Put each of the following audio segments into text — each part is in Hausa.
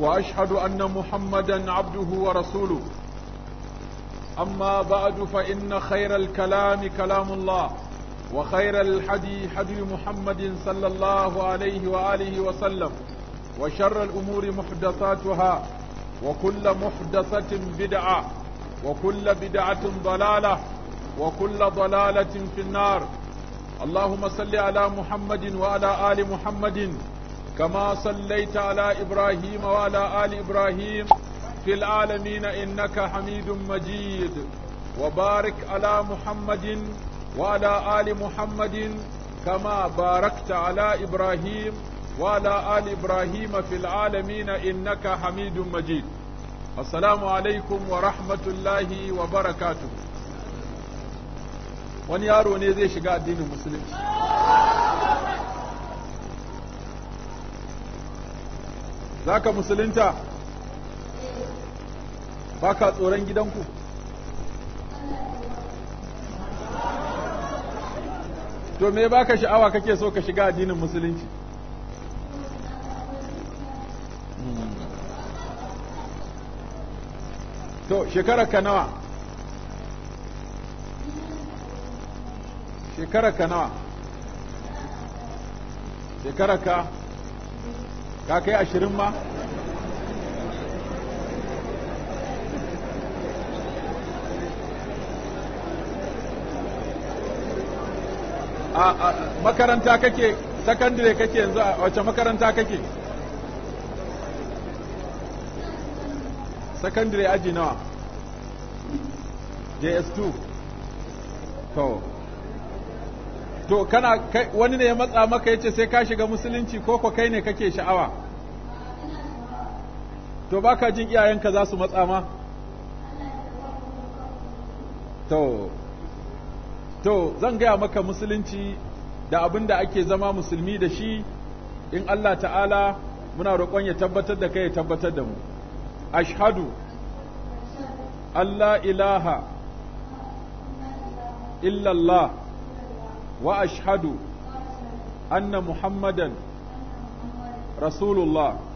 واشهد ان محمدا عبده ورسوله اما بعد فان خير الكلام كلام الله وخير الحدي حدي محمد صلى الله عليه واله وسلم وشر الامور محدثاتها وكل محدثه بدعه وكل بدعه ضلاله وكل ضلاله في النار اللهم صل على محمد وعلى ال محمد كما صليت على إبراهيم وعلى آل إبراهيم في العالمين إنك حميد مجيد وبارك على محمد وعلى آل محمد كما باركت على إبراهيم وعلى آل إبراهيم في العالمين إنك حميد مجيد السلام عليكم ورحمة الله وبركاته wani yaro ne zai shiga addinin musulunci za ka musulunta ba ka tsoron gidanku to me baka sha'awa kake so ka shiga addinin musulunci hmm. to shekarar ka nawa shekarar ka nawa shekarar ka ka kai ashirin ma a makaranta kake sakandare kake yanzu a wace makaranta kake sakandare aji nawa js2 to to kana wani ne ya matsa maka yace sai ka shiga musulunci ko ko kai ne kake sha'awa to baka jin iyayenka za su matsa ma to to zan gaya maka musulunci da abin da ake zama musulmi da shi in Allah ta'ala muna roƙon ya tabbatar da kai ya tabbatar da mu ashhadu Allah ilaha illallah wa ashhadu anna muhammadan rasulullah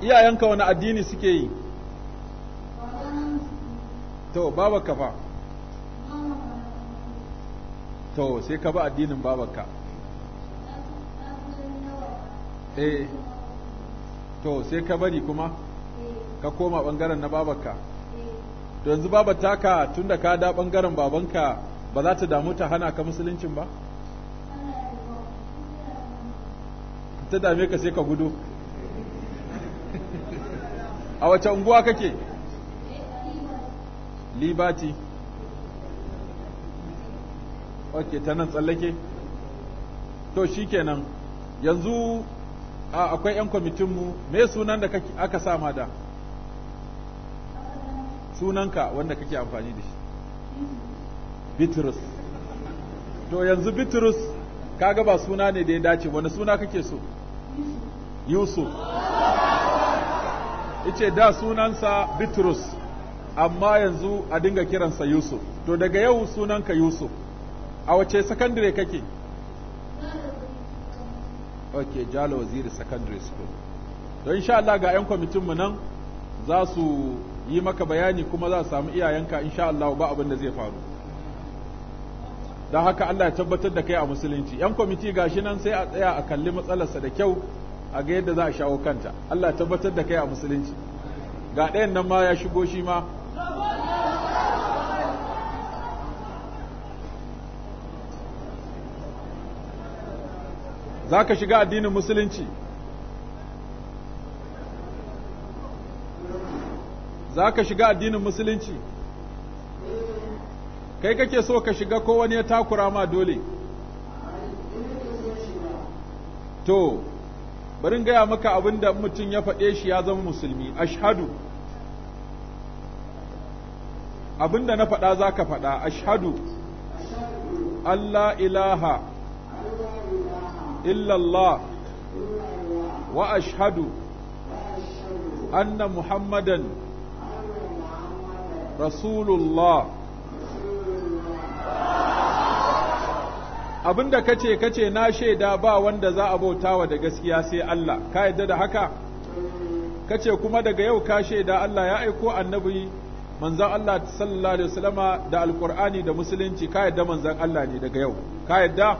iyayenka wani addini suke yi to babaka fa to sai ka bi addinin babanka eh to sai ka bari kuma ka koma bangaren na babanka to yanzu baba taka tunda ka da bangaren babanka ba za ta damu ta hana ka musuluncin ba ta dame ka sai ka gudu a wace unguwa kake libati ok ta nan tsallake to shikenan yanzu akwai 'yan kwamitinmu me sunan da aka sa ma da sunanka wanda kake amfani da shi bitrus to yanzu bitrus kaga ba suna ne da ya dace wani suna kake so yusuf yace da sunansa Bitrus amma yanzu a dinga kiransa Yusuf to daga yau sunanka Yusuf a wace secondary kake okay Jalo Waziri Secondary School to insha Allah ga 'yan kwamitin mu nan za su yi maka bayani kuma za su samu iyayenka insha Allah ba abin da zai faru don haka Allah ya tabbatar da kai a musulunci 'yan kwamiti gashi nan sai a tsaya a kalli matsalarsa da kyau a ga yadda za a shawo kanta Allah tabbatar da kai a musulunci ga ɗayan nan ma ya shigo shi ma za ka shiga addinin musulunci za ka shiga addinin musulunci kai kake so ka shiga ko wani ya takura ma dole to barin gaya maka abin mutum ya faɗe shi ya zama musulmi ashadu abin na faɗa za ka faɗa ashhadu Allah ilaha illallah wa ashhadu anna muhammadan rasulullah abinda kace kace na shaida ba wanda za a bauta wa da gaskiya sai Allah ka yadda da haka kace kuma daga yau ka shaida Allah ya aiko annabi manzon Allah sallallahu alaihi wasallama da alqur'ani da musulunci ka yadda manzon Allah ne daga yau ka yadda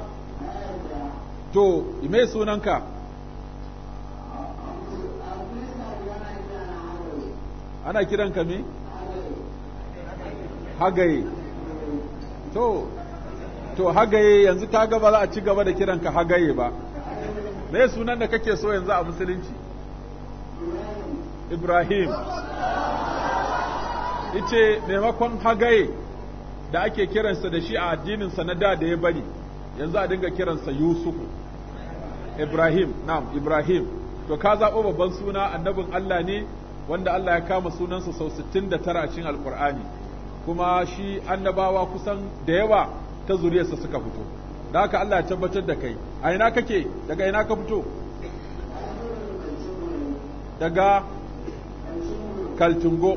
to me sunanka ana kiranka me hagaye to to hagaye yanzu ta ba za a ci gaba da kiranka hagaye ba me sunan da kake so yanzu a musulunci Ibrahim ice maimakon hagaye da ake kiransa da shi a addininsa na da da ya bari yanzu a dinga kiransa Yusufu Ibrahim na'am Ibrahim to ka zaɓo babban suna annabin Allah ne wanda Allah ya kama sunansa sau 69 a cikin Alƙur'ani kuma shi annabawa kusan da yawa ta zuriyarsa suka fito da haka Allah ya tabbatar da kai a ina kake daga ina ka fito daga kaltungo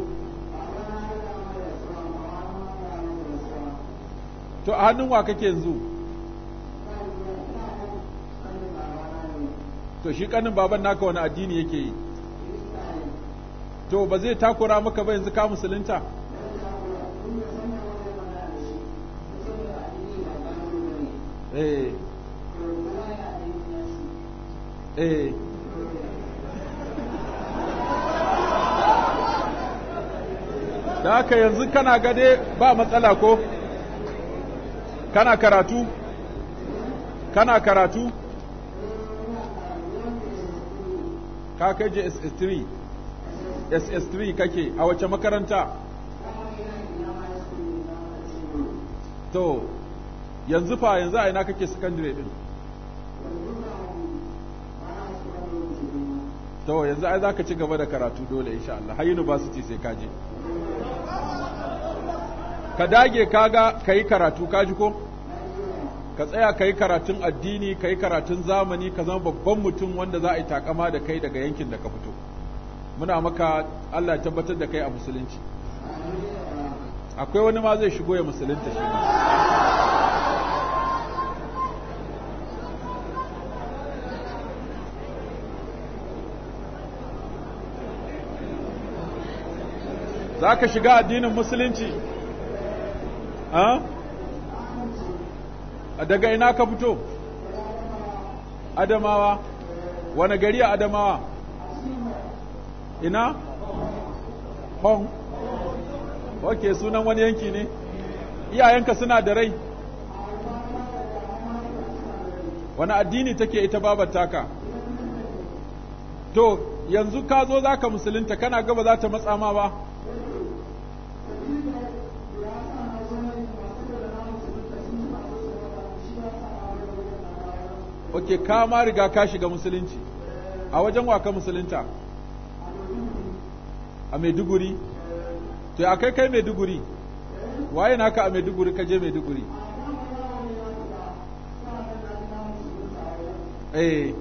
to a hannun wa kake yanzu to shi kanin baban naka wani addini yake yi to ba zai takura maka ba yanzu ka musulunta Eh. Eh. da aka yanzu kana gade ba matsala ko kana karatu kana karatu ka kai ss 3 SS3 kake a wace makaranta to yanzu fa yanzu a ina kake secondary din to yanzu ai zaka ci gaba da karatu dole insha Allah har university sai ka dage ka dage kaga kai karatu kaji ko ka tsaya kai karatun addini kai karatun zamani ka zama babban mutum wanda za a yi takama da kai daga yankin da ka fito muna maka Allah ya tabbatar da kai a musulunci akwai wani ma zai shigo ya musulunta shi za ka shiga addinin musulunci a daga ina ka fito adamawa wani gari a adamawa ina hong ok sunan wani yanki ne iyayenka suna da rai wani addini take ita babar taka to yanzu ka zo za ka musulunta kana gaba za ta matsa ma ba ok ka ma riga ka shiga musulunci a wajen waka musulunta a maiduguri to ya kai kai maiduguri waye naka a maiduguri ka je maiduguri eh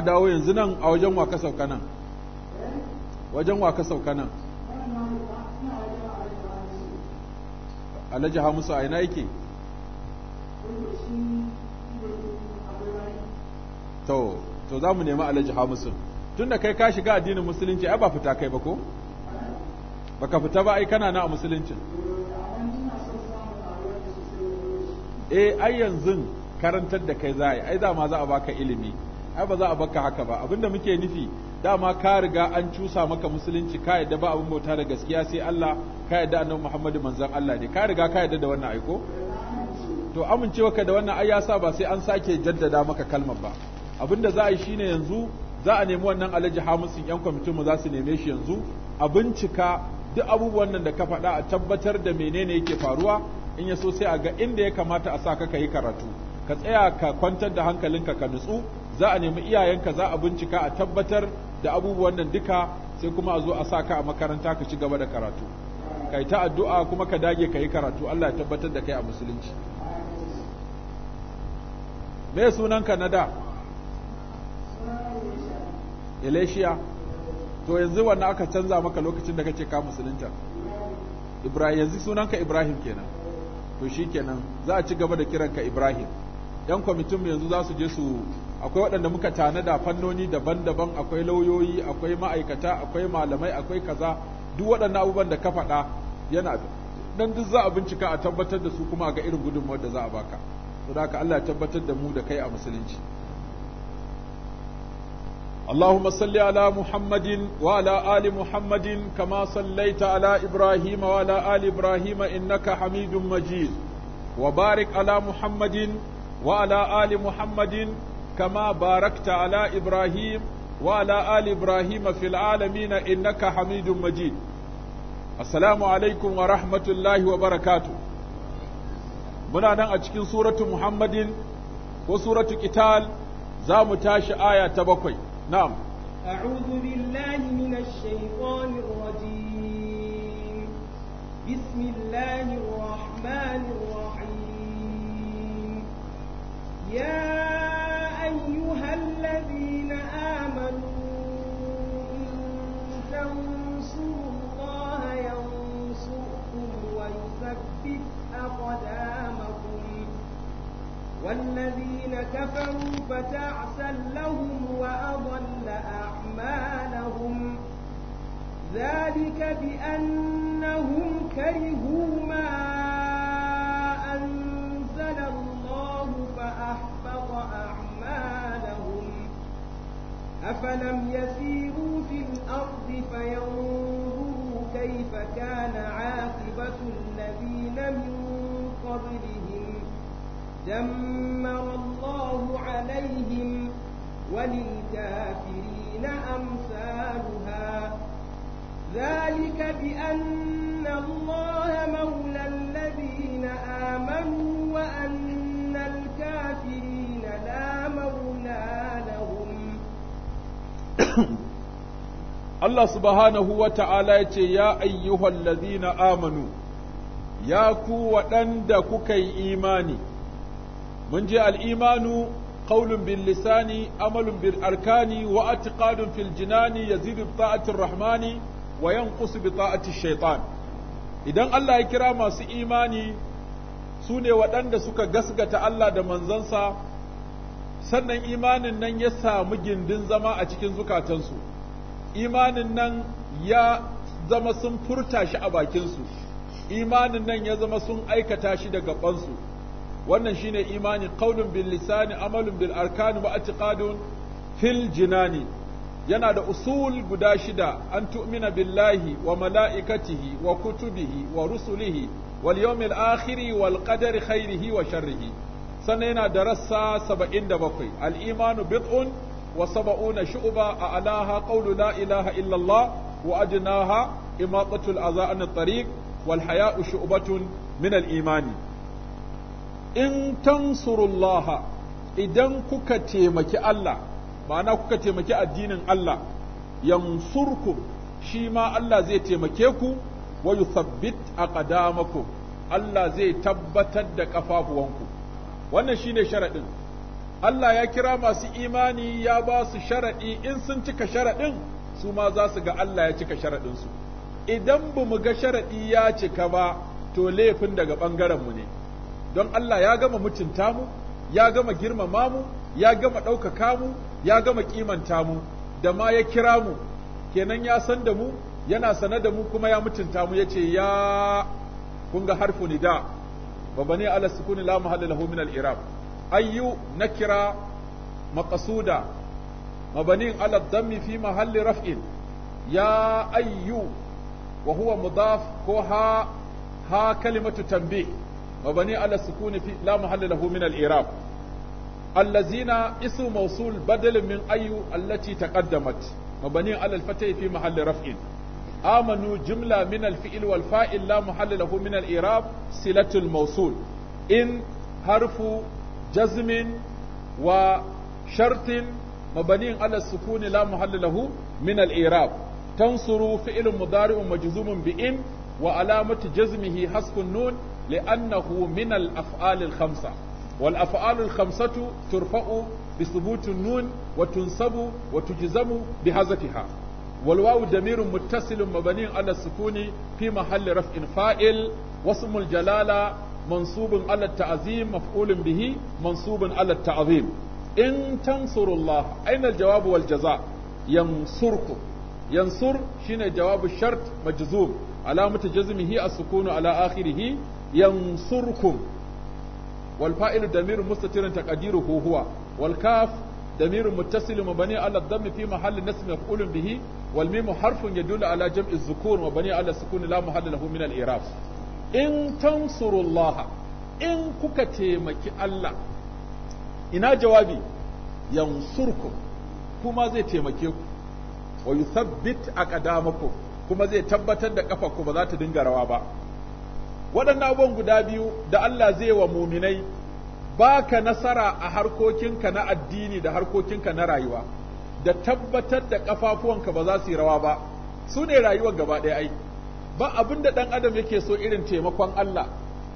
dawo yanzu nan a wajen wa ka sauka nan wajen wa ka sauka nan alhaji hamusu a ina yake to to za mu nemi alhaji hamusu tun da kai ka shiga addinin musulunci ai ba fita kai ba ko baka fita ba ai kana na a musuluncin eh ai yanzu karantar da kai za a yi ai za ma za a baka ilimi ai ba za a baka haka ba abinda muke nufi dama ka riga an cusa maka musulunci ka yadda ba abin bauta da gaskiya sai Allah ka yadda annabi Muhammadu manzon Allah ne ka riga ka yadda da wannan aiko to amincewa ka da wannan ai yasa ba sai an sake jaddada maka kalmar ba abinda za a yi shine yanzu za a nemi wannan alhaji hamisin yan kwamitin mu za su neme shi yanzu a bincika duk abubuwan nan da ka faɗa a tabbatar da menene yake faruwa in ya so sai a ga inda ya kamata a sa ka yi karatu ka tsaya ka kwantar da hankalinka ka nutsu za a nemi iyayenka za a bincika a tabbatar da abubuwan nan duka sai kuma a zo a sa ka a makaranta ka ci gaba da karatu kai ta addu'a kuma ka dage ka yi karatu Allah ya tabbatar da kai a musulunci me sunanka na da Elisha to yanzu wannan aka canza maka lokacin da kace ka musulunta Ibrahim yanzu sunanka Ibrahim kenan to shikenan za a ci gaba da kiranka Ibrahim yan kwamitin yanzu za su je su akwai waɗanda muka da fannoni daban-daban akwai lauyoyi akwai ma'aikata akwai malamai akwai kaza duk waɗannan abubuwan da ka faɗa yana dan duk za a bincika a tabbatar da su kuma ga irin gudunmawar da za a baka saboda haka Allah ya tabbatar da mu da kai a musulunci اللهم صل على محمد وعلى آل محمد كما صليت على إبراهيم وعلى آل إبراهيم إنك حميد مجيد وبارك على محمد وعلى آل محمد كما باركت على إبراهيم وعلى آل إبراهيم في العالمين إنك حميد مجيد السلام عليكم ورحمة الله وبركاته منا نان أتكين سورة محمد وسورة قتال زام تاش آية تبقي نعم أعوذ بالله من الشيطان الرجيم بسم الله الرحمن الرحيم يا أيها الذين آمنوا تنصروا الله ينصركم ويثبت أقدامكم والذين كفروا فتعسا لهم وأضل أعمالهم ذلك بأنهم كرهوا ما أنزل الله فأحبط أعمالهم أفلم يسيروا في الأرض فينظروا كيف كان عاقبة الذين من قبلهم دمر الله عليهم وللكافرين أمثالها ذلك بأن الله مولى Allah subhanahu wa ta'ala ya ce, Ya na amanu, ya ku waɗanda kuka yi imani, mun je al'imanu, ƙaunin bin lisani, amalun bin arkani, wa atiƙadun fil jinani, ya zidu ta'atin rahmani, wa yankusu bi ta'atin shaitan. Idan Allah ya kira masu imani, su ne waɗanda suka gasgata Allah da manzansa, sannan imanin nan ya samu gindin zama a cikin zukatansu. imanin nan ya zama sun furta shi a bakinsu imanin nan ya zama sun aikata shi da gabansu wannan shine imani qaulun bil lisani amalun bil arkani wa i'tiqadun fil jinani yana da usul guda shida an tu'mina billahi wa mala'ikatihi wa kutubihi wa rusulihi wal yawmil akhiri wal qadari khairihi wa sharrihi sannan yana da rassa 77 al imanu bid'un wa saba'una shu'ba a alaha qawlu la ilaha illallah wa ajnaha imatatul aza an tariq wal haya'u shu'batun min imani in tansurullaha idan kuka taimaki Allah ma'ana kuka taimaki addinin Allah yansurku shi ma Allah zai taimake ku wa yuthabbit aqdamakum Allah zai tabbatar da ƙafafuwanku. wannan shine sharaɗin. Allah ya kira masu imani ya ba su sharaɗi in sun cika sharaɗin su ma za su ga Allah ya cika sharaɗinsu idan ba mu ga sharaɗi ya cika ba to laifin daga ɓangarenmu ne don Allah ya gama mutunta mu ya gama girmama mu ya gama ɗaukaka mu ya gama ƙimanta mu da ma ya kira mu kenan ya san da mu yana sane da mu kuma ya mutunta mu Ya ce ya kun ga harfu nida wa bani ala sukuni la mahalla lahu min al-irab Ayyu na kira mabanin ala dami fi mahalli raf'in ya ayu wa huwa mudaf ko ha ha kalimatu tambi mabani ala sukuni fi la mahalli lahu min al mausul. الذين اسم موصول بدل من أي التي تقدمت مبني على الفتح في محل رفع آمنوا جملة من الفئل والفائل لا محل له من الإيراب صلة الموصول إن حرف jazmin wa shartin mabaniin ala sukuni la muhalla lahu min al-i'rab tansuru fi'lun mudari'un majzumun bi in wa alamatu jazmihi hasbun nun li'annahu min al-af'al al-khamsa wal af'al al-khamsatu turfa'u bi thubut an-nun wa tunsabu wa tujzamu bi hazatiha والواو ضمير متصل مبني على sukuni fi محل رفع fa'il واسم الجلاله Mansubin ala ta'zim maf'ulun bihi mansubun ala ta'zim in tansurullah aina aljawabu wal jaza yansurku yansur shine jawabu shart majzum alamatu jazmihi as-sukunu ala akhirih yansurkum wal fa'il damir mustatirun taqdiruhu huwa wal kaf damir muttasil mabni ala dhamm fi mahalli nasb maf'ulun bihi wal mim harfun dula ala jam'i adh-dhukur mabni ala sukun in tansurullaha in kuka taimaki Allah ina jawabi yansurku kuma zai taimake ku wa yuthabbit aqdamakum kuma zai tabbatar da kafarku ba za ta dinga rawa ba waɗannan abubuwan guda biyu da Allah zai wa muminai baka nasara a harkokinka na addini da harkokinka na rayuwa da tabbatar da kafafuwanka ba za su yi rawa ba su ne rayuwar gaba ɗaya ai ba abin da ɗan adam yake so irin taimakon Allah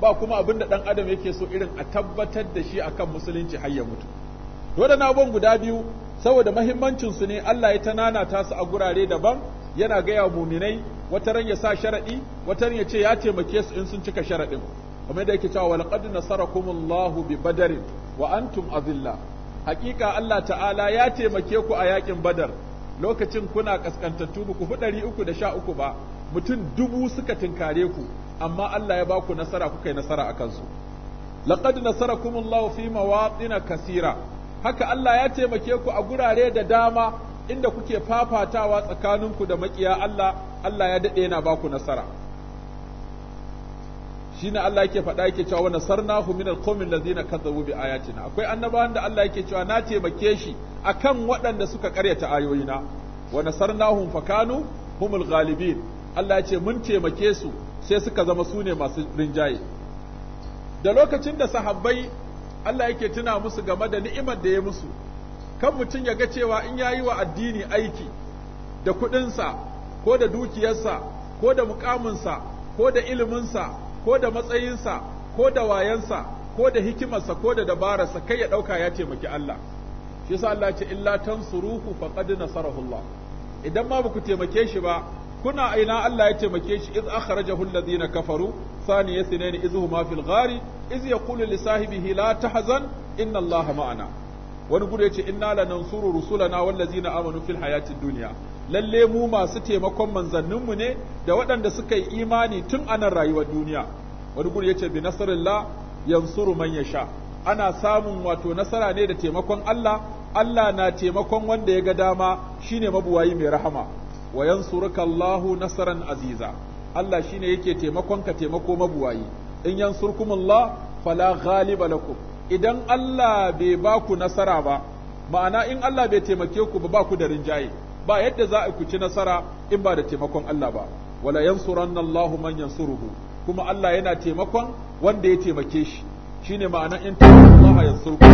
ba kuma abin da ɗan adam yake so irin a tabbatar da shi akan musulunci har ya mutu waɗannan abubuwan guda biyu saboda mahimmancin su ne Allah ya tanana ta su a gurare daban yana gaya muminai wata ran ya sa sharadi wata ran ya ce ya taimake su in sun cika sharaɗin. kamar da yake cewa wa nasarakumullahu bi badarin wa antum azilla hakika Allah ta'ala ya taimake ku a yakin badar lokacin kuna kaskantattu ku fi ɗari uku da sha ba mutum dubu suka tinkare ku amma Allah ya baku nasara kuka yi nasara a kansu laqad nasarakumullahu fi mawaqina kasira haka Allah ya taimake ku a gurare da dama inda kuke fafatawa tsakaninku da makiya Allah Allah ya dade yana baku nasara shine Allah yake faɗa yake cewa nasarnahu min alqawmi allazina kadzabu bi ayatina akwai annabawan da Allah yake cewa na taimake shi akan waɗanda suka ƙaryata ayoyina wa nasarnahum fakanu humul ghalibin Allah ya ce mun taimake su sai suka zama su ne masu rinjaye da lokacin da sahabbai Allah yake tuna musu game da ni'imar da ya musu kan mutum ya ga cewa in ya yi wa addini aiki da kuɗinsa ko da dukiyarsa ko da mukaminsa ko da iliminsa ko da matsayinsa ko da wayansa ko da hikimarsa ko da dabararsa kai ya ɗauka ya taimaki Allah shi yasa Allah ce illa tansuruhu faqad nasarahu Allah idan ma ku taimake shi ba kuna aina Allah ya taimake shi iz akhrajahu alladhina kafaru thani yathnaini iz huma fil ghari iz yaqulu li sahibihi la tahzan inna Allah ma'ana wani gudu yace inna lanansuru rusulana wallazina amanu fil hayatid dunya lalle mu masu taimakon manzannin mu ne da waɗanda suka yi imani tun anan rayuwar duniya wani gudu yace bi nasrillah yansuru man yasha ana samun wato nasara ne da taimakon Allah Allah na taimakon wanda ya ga dama shine mabuwayi mai rahama wa yansuruka Allahu nasaran aziza Allah shine yake taimakon ka taimako mabuwayi in yansurkumullah fala ghaliba lakum idan Allah bai ba ku nasara ba ma'ana in Allah bai taimake ku ba ba ku da rinjaye ba yadda za a ci nasara in ba da taimakon Allah ba wala yansuranna Allahu man yansuruhu kuma Allah yana taimakon wanda ya taimake shi shine ma'ana in Allah yansurku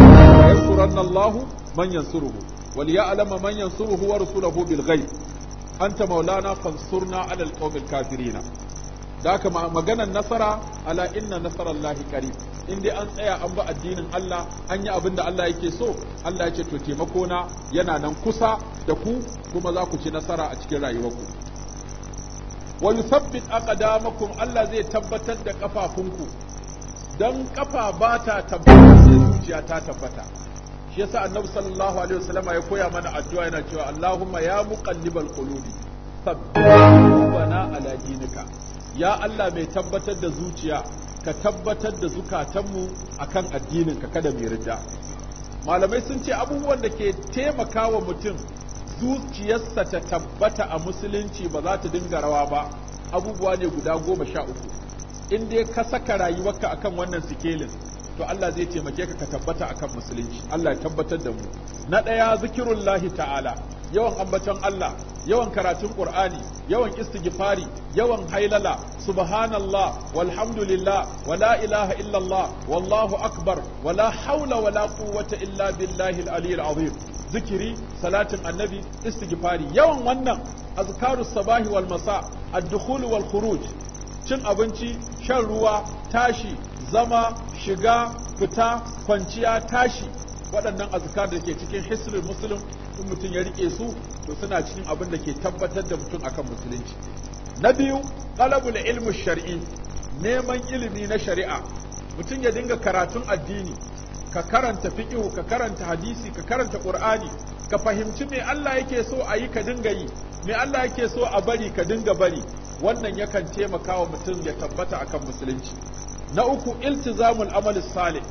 yansuranna Allahu man yansuruhu wal ya'lamu man yansuruhu wa rasuluhu bil ghaib anta maulana fansurna alal qawmil kafirina da kama nasara ala inna nasarallahi qarib in dai an tsaya an ba addinin Allah an yi abin da Allah yake so Allah yake to taimakona na yana nan kusa da ku kuma za ku ci nasara a cikin rayuwarku wa yuthabbit aqdamakum Allah zai tabbatar da kafafunku dan kafa ba ta tabbata zuciya ta tabbata shi yasa annabi sallallahu alaihi wasallam ya koya mana addu'a yana cewa Allahumma ya muqallibal qulubi sabbit ala dinika ya Allah mai tabbatar da zuciya ka tabbatar da zukatanmu akan addininka kada mu rida malamai sun ce abubuwan da ke taimakawa mutum zuciyarsa ta tabbata a musulunci ba za ta dinga rawa ba abubuwa ne guda goma sha uku in dai ka saka rayuwarka akan wannan sikelin to Allah zai taimake ka ka tabbata akan musulunci Allah ya tabbatar da mu na ɗaya zikirullahi ta'ala yawan ambaton Allah yawan karatun Qur'ani yawan istighfari yawan hailala subhanallah walhamdulillah wala ilaha illallah wallahu akbar wala haula wala quwwata illa billahi al-aliyyil azim zikiri salatin annabi istighfari yawan wannan azkarus sabahi wal masa ad-dukhul wal khuruj cin abinci shan ruwa tashi zama shiga fita kwanciya tashi waɗannan azkar da ke cikin hisrul musulun, in mutum ya riƙe su to suna cikin abin da ke tabbatar da mutum akan musulunci na biyu qalabul ilmu shari'i neman ilimi na shari'a mutum ya dinga karatun addini ka karanta fiqh ka karanta hadisi ka karanta ƙur'ani ka fahimci me Allah yake so a yi ka dinga yi me Allah yake so a bari ka dinga bari wannan yakan taimaka wa mutum ya tabbata akan musulunci na uku iltizamul amali salih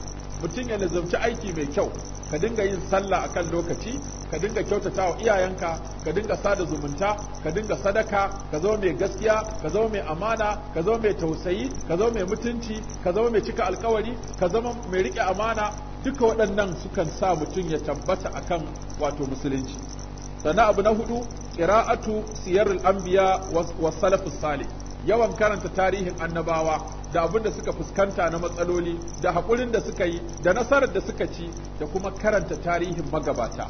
mutum ya lazumci aiki mai kyau ka dinga yin sallah akan lokaci ka dinga kyautata wa iyayenka ka dinga sada zumunta ka dinga sadaka ka zama mai gaskiya ka zama mai amana ka zama mai tausayi ka zama mai mutunci ka zama mai cika alkawari ka zama mai rike amana duka waɗannan sukan sa mutum ya tabbata akan wato musulunci sannan abu na hudu qira'atu siyarul anbiya wa salafus salih yawan karanta tarihin annabawa da abin da suka fuskanta na matsaloli da haƙurin da suka yi da nasarar da suka ci da kuma karanta tarihin magabata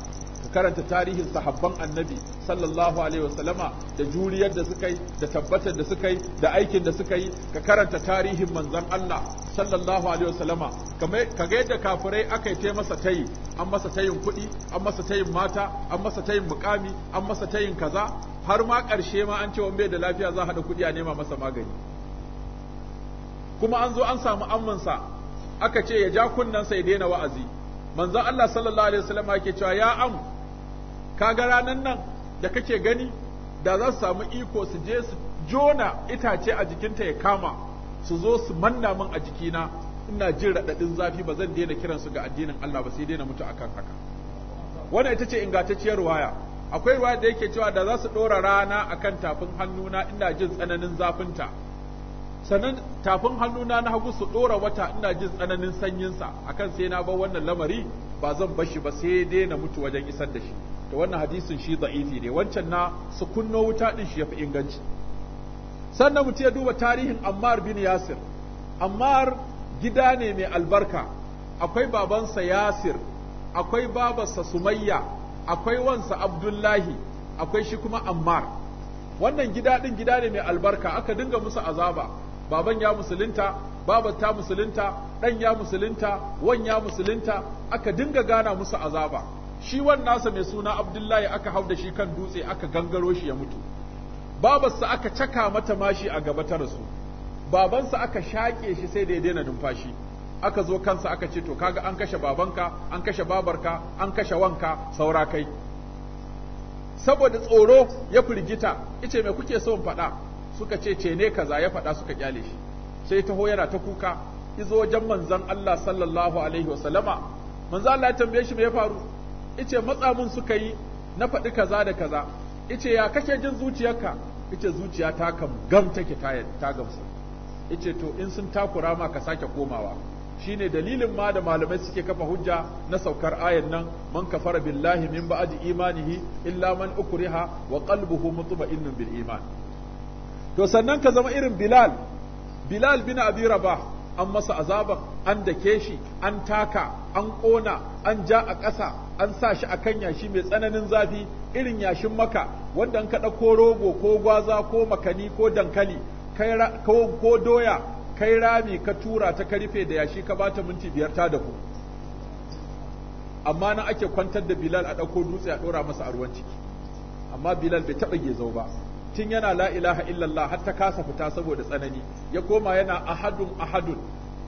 karanta tarihin sahabban annabi sallallahu alaihi wasallama da juriyar da suka yi da tabbatar da suka yi da aikin da suka yi ka karanta tarihin manzon Allah sallallahu alaihi wasallama ka ga yadda kafirai aka yi masa tayi an masa tayin kuɗi an masa tayin mata an masa tayin mukami an masa tayin kaza har ma ƙarshe ma an ce wani bai da lafiya za a haɗa kuɗi a nema masa magani kuma an zo an samu amminsa aka ce ya ja kunnensa ya daina wa'azi manzon Allah sallallahu alaihi wasallama yake cewa ya am Ka ga ranan nan da kake gani da za su samu iko su je su jona itace a jikinta ya kama su zo su manna min a jikina ina jin raɗaɗin zafi ba zan daina kiransu ga addinin Allah ba sai daina mutu akan haka wannan ita ce ingantacciyar waya akwai ruwaya da yake cewa da za su ɗora rana akan tafin hannuna ina jin tsananin zafinta sannan tafin hannuna na hagu su ɗora wata ina jin tsananin sanyinsa akan sai na bar wannan lamari ba zan bar shi ba sai dai na mutu wajen isar da shi to wannan hadisin shi da'ifi ne wancan na su kunno wuta din shi yafi inganci sannan mutu ya duba tarihin Ammar bin Yasir Ammar gida ne mai albarka akwai babansa Yasir akwai babarsa Sumayya akwai wansa Abdullahi akwai shi kuma Ammar wannan gida din gida ne mai albarka aka dinga musu azaba baban ya musulunta babar ta musulunta ɗan ya musulunta wan ya musulunta aka dinga gana musu azaba shi nasa mai suna abdullahi aka hau da shi kan dutse aka gangaro shi ya mutu babarsa aka caka mata mashi a gaba ta rasu babansa aka shaƙe shi sai da ya daina numfashi aka zo kansa aka ce to kaga an kashe babanka an kashe babarka an kashe wanka saura kai saboda tsoro ya firgita ice me kuke so in faɗa suka ce ce ne kaza ya faɗa suka kyale shi sai taho yana ta kuka izo wajen manzan Allah sallallahu alaihi sallama manzan Allah ya tambaye shi me ya faru ice matsa mun suka yi na faɗi kaza da kaza ice ya kake jin zuciyarka ice zuciya ta kam gam take ta gamsu ice to in sun takura ma ka sake komawa shine dalilin ma da malamai suke kafa hujja na saukar ayan nan man kafara billahi min ba'di imanihi illa man ukriha wa qalbuhu mutma'innun bil iman to sannan ka zama irin bilal Bilal bin Abi Rabah an masa azaba an dake shi an taka an ƙona an ja a ƙasa an sa shi akan yashi mai tsananin zafi irin yashin maka wanda an kaɗa ko rogo ko gwaza ko makani ko dankali ko doya kai rami ka tura ta karfe da yashi ka bata minti biyar ta da ku amma na ake kwantar da bilal a ɗauko dutse a ɗora masa a ruwan ciki amma bilal bai taɓa gezau ba tun yana la ilaha illallah har ta kasa fita saboda tsanani ya koma yana ahadun ahadun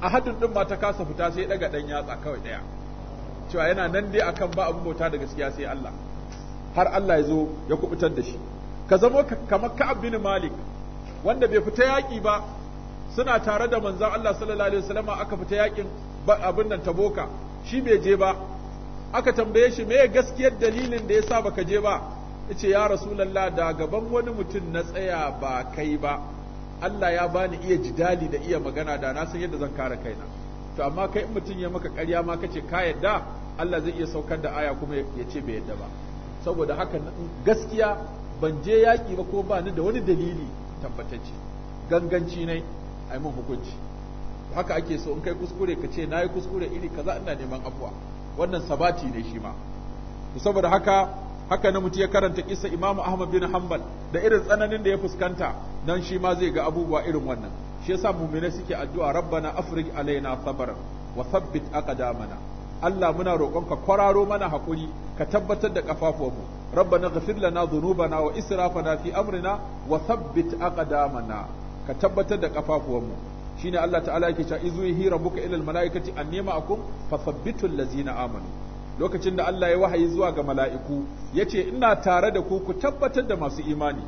ahadun din ma ta kasa fita sai daga dan yatsa kawai daya cewa yana nan dai akan ba abu bauta da gaskiya sai Allah har Allah ya zo ya kubutar da shi ka zamo kamar Ka'ab bin Malik wanda bai fita yaki ba suna tare da manzon Allah sallallahu alaihi wasallam aka fita yakin abin nan taboka shi bai je ba aka tambaye shi me gaskiyar dalilin da yasa baka je ba ce ya rasulallah da gaban wani mutum na tsaya ba kai ba Allah ya bani iya jidali da iya magana da na san yadda zan kare kaina to amma kai in mutum ya maka ƙarya ma kace ka yadda Allah zai iya saukar da aya kuma ya ce bai yadda ba saboda haka gaskiya ban je yaki ba ko bani da wani dalili tabbatacce ganganci ne ai mun hukunci haka ake so in kai kuskure ka ce nayi kuskure iri kaza ina neman afwa wannan sabati ne shi ma saboda haka haka na mutu ya karanta kisa imamu ahmad bin hanbal da irin tsananin da ya fuskanta dan shi ma zai ga abubuwa irin wannan shi yasa mu'mina suke addu'a rabbana afrij alaina sabra wa thabbit aqdamana Allah muna roƙonka kwararo mana hakuri ka tabbatar da kafafuwanmu rabbana ghfir lana dhunubana wa israfana fi amrina wa thabbit aqdamana ka tabbatar da kafafuwanmu shine Allah ta'ala yake cewa izu hi rabbuka ila an annima akum fa thabbitul ladzina amanu lokacin da Allah ya wahayi zuwa ga mala'iku ya ce ina tare da ku ku tabbatar da masu imani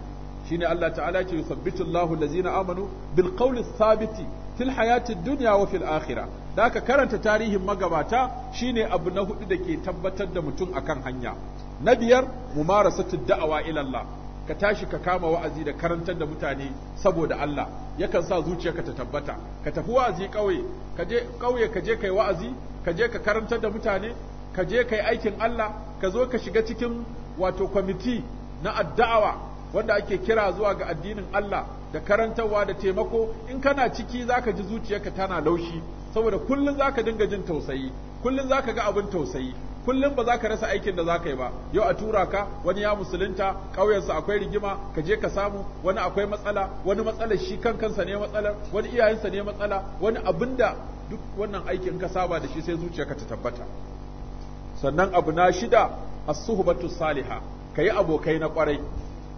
shine Allah ta'ala ke yusabbitu Allahu allazina amanu bil qawli thabiti fil hayati dunya wa fil akhirah da aka karanta tarihin magabata shine abu na hudu da ke tabbatar da mutum akan hanya na biyar mumarasatu da'awa ila Allah ka tashi ka kama wa'azi da karantar da mutane saboda Allah yakan sa zuciyarka ta tabbata ka tafi wa'azi kauye ka je kauye ka je kai wa'azi ka je ka karantar da mutane ka je kai aikin Allah ka zo ka shiga cikin wato kwamiti na addawa wanda ake kira zuwa ga addinin Allah da karantarwa da taimako in kana ciki zaka ji zuciyarka tana laushi saboda kullun zaka dinga jin tausayi kullun zaka ga abin tausayi kullum ba za rasa aikin da za ka yi ba yau a tura ka wani ya musulunta ƙauyensa akwai rigima ka je ka samu wani akwai matsala wani matsala shi kan kansa ne matsala, wani iyayensa ne matsala wani abin duk wannan aikin ka saba da shi sai zuciyarka ta tabbata sannan abu na shida a as Saliha, ka yi abokai na kwarai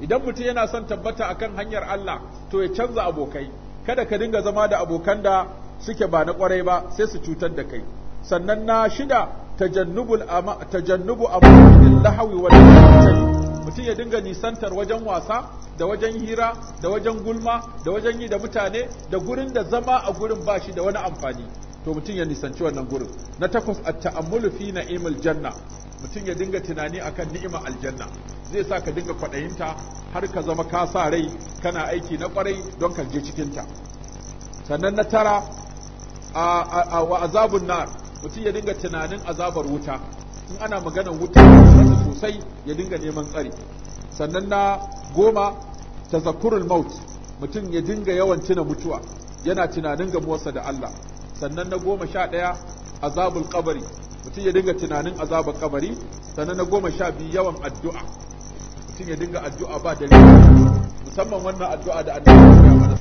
idan mutum yana son tabbata akan hanyar Allah to ya canza abokai kada ka dinga zama da abokan da suke ba na kwarai ba sai su cutar da kai sannan na shida tajannubul ama tajannubu amrin lahawi wal mutum ya dinga nisantar wajen wasa da wajen hira da wajen gulma da wajen yi da mutane da gurin da zama a gurin bashi da wani amfani to mutum ya nisanci wannan gurin na takwas a taammulu fi imal janna mutum ya dinga tunani akan ni'ima aljanna zai sa ka dinga kwaɗayinta har ka zama ka sa rai kana aiki na kwarai don ka je cikinta sannan na tara a wa azabun nar mutum ya dinga tunanin azabar wuta in ana maganar wuta sosai ya dinga neman tsari sannan na goma tazakkurul maut mutum ya dinga yawan tuna mutuwa yana tunanin gamuwarsa da Allah sannan na goma sha ɗaya azabul kabari mutum ya dinga tunanin azabar kabari sannan na goma sha biyu yawan addu'a mutum ya dinga addu'a ba da musamman wannan addu'a da annabi ya mana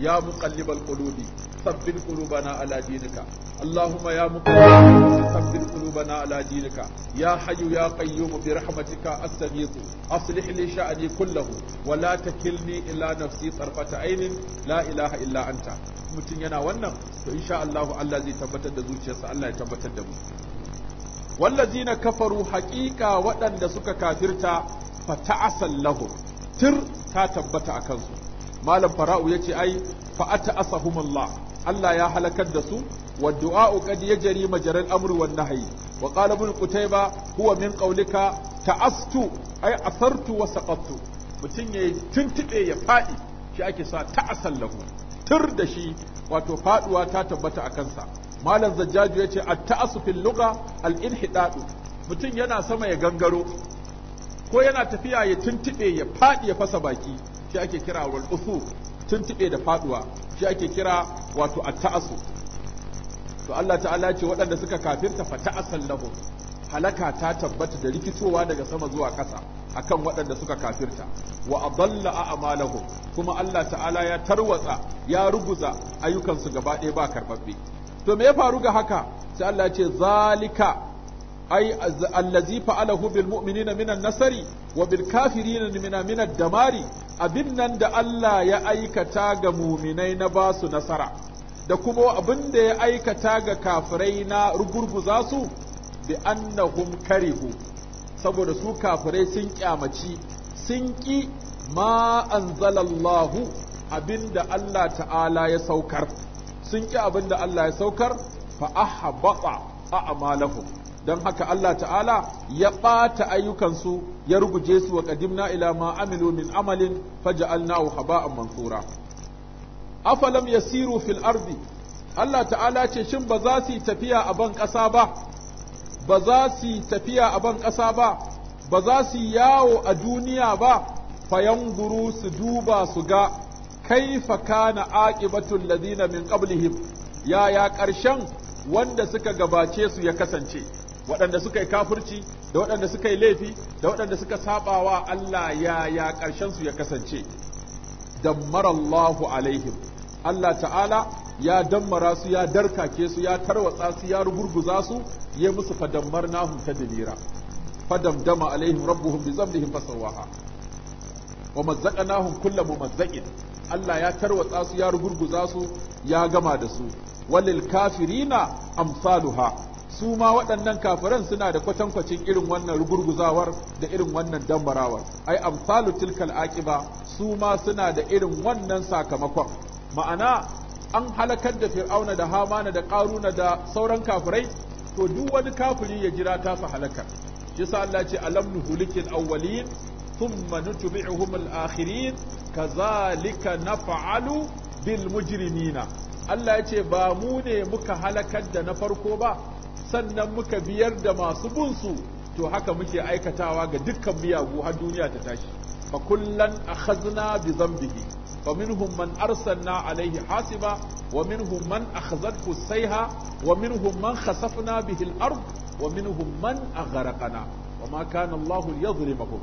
ya muqallibal qulubi sabbin qulubana ala dinika allahumma ya muqallibana ala dinika ya hayyu ya qayyum bi rahmatika astaghiith aslih li sha'ani kullahu wa la takilni ila nafsi tarfata aynin la ilaha illa anta mutun yana wannan to insha allah allah zai tabbatar da zuciyarsa allah ya da mu wallazina kafaru haqiqa waɗanda suka kafirta fata'asal lahum tir ta tabbata akan su malam fara'u ce ai fa ata asahumullah Allah ya halakar da su wa du'a'u qad yajri majral amr wan nahyi wa qala ibn qutayba huwa min qawlika ta'astu ay asartu wa saqattu mutun ya tuntube ya fadi shi ake sa ta'asal lahu tur da shi wato faduwa ta tabbata a kansa malam zajjaju yace at-ta'asu fil lugha al-inhidadu mutun yana sama ya gangaro ko yana tafiya ya tuntube ya fadi ya fasa baki shi ake kira wal tuntube da faduwa shi ake kira wato at ta'asu, to Allah ta'ala ce waɗanda suka kafirta fa ta'asal lahum halaka ta tabbata da rikitowa daga sama zuwa ƙasa akan waɗanda suka kafirta wa adalla a'malahum kuma Allah ta'ala ya tarwatsa ya ruguza ayyukansu gaba ɗaya ba karbabbe to me ya faru ga haka sai Allah ya ce zalika ai allazi fa'alahu bil mu'minina minan nasari wa bil kafirina min min damari abin nan da Allah ya aikata ga muminai na basu nasara da kuma abin da ya aikata ga kafirai na rugurguza su bi annahum karihu saboda su kafirai sun kyamaci sun ki ma anzalallahu abinda Allah ta'ala ya saukar sun ki da Allah ya saukar fa ahbata a'malahum don haka Allah ta'ala ya ɓata ayyukansu ya ruguje su wa ƙadimna ila ma amilu min amalin faja'alnahu haba'an mansura afalam yasiru fil ardi Allah ta'ala ce shin ba za su yi tafiya a ban ƙasa ba ba za su yi tafiya a ban ƙasa ba ba za su yawo a duniya ba fayanguru su duba su ga kaifa kana aqibatul ladina min qablihim yaya ƙarshen wanda suka gabace su ya kasance waɗanda suka yi kafurci da waɗanda suka yi laifi da waɗanda suka sabawa Allah ya ya ƙarshen su ya kasance dammarallahu alaihim Allah ta'ala ya dammara su ya darkake su ya tarwatsa su ya rugurguza su ya musu ta dalira fadamdama alaihim rabbuhum bi zambihim fasawaha wa mazzaqnahum kulla mumazzaqin Allah ya tarwatsa su ya rugurguza su ya gama da su walil kafirina amsaluha su ma waɗannan kafiran suna da kwatankwacin irin wannan rugurguzawar da irin wannan dambarawar ai amsalu tilkal aqiba su ma suna da irin wannan sakamakon ma'ana an halakar da fir'auna da hamana da karuna da sauran kafirai to duk wani kafiri ya jira ta su halaka yasa Allah ce alam nuhulikil awwalin thumma nutbi'uhum al-akhirin kazalika naf'alu bil mujrimina Allah ya ce ba mu ne muka halakar da na farko ba sannan muka biyar da masu bunsu to haka muke aikatawa ga dukkan miyagu har duniya ta tashi fa kullan akhazna bi dhanbihi fa minhum man arsalna alaihi hasiba wa minhum man akhazathu sayha wa minhum man khasafna bihi al-ard wa minhum man aghraqna wa ma kana Allah yadhlimuhum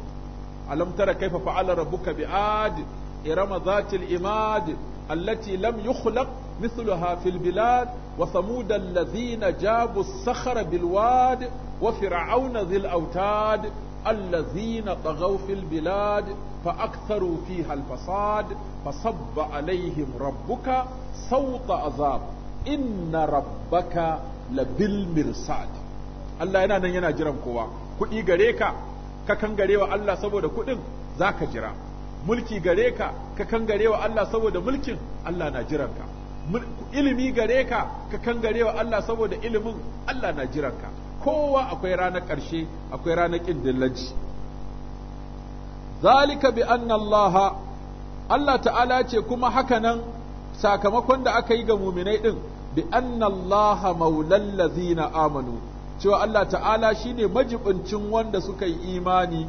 alam tara kayfa fa'ala rabbuka bi'ad irama dhati imad allati lam yukhlaq مثلها في البلاد وثمود الذين جابوا الصخر بالواد وفرعون ذي الأوتاد الذين طغوا في البلاد فأكثروا فيها الفساد فصب عليهم ربك صوت عذاب إن ربك لبالمرصاد الله yana nan yana jiran kowa kuɗi gare ka ka kan garewa Allah saboda kuɗin zaka jira mulki gare ka ka kan gare wa Allah saboda mulkin Allah na jiran ka. ilimi gare ka ka kan gare wa Allah saboda ilimin Allah na jiran ka. kowa akwai ranar ƙarshe akwai ranar ƙin dillaji zalika bi anna Allah Allah ta'ala ce kuma haka nan sakamakon da aka yi ga muminai din bi anna Allah maulal ladzina amanu cewa Allah ta'ala shine majibincin wanda suka yi imani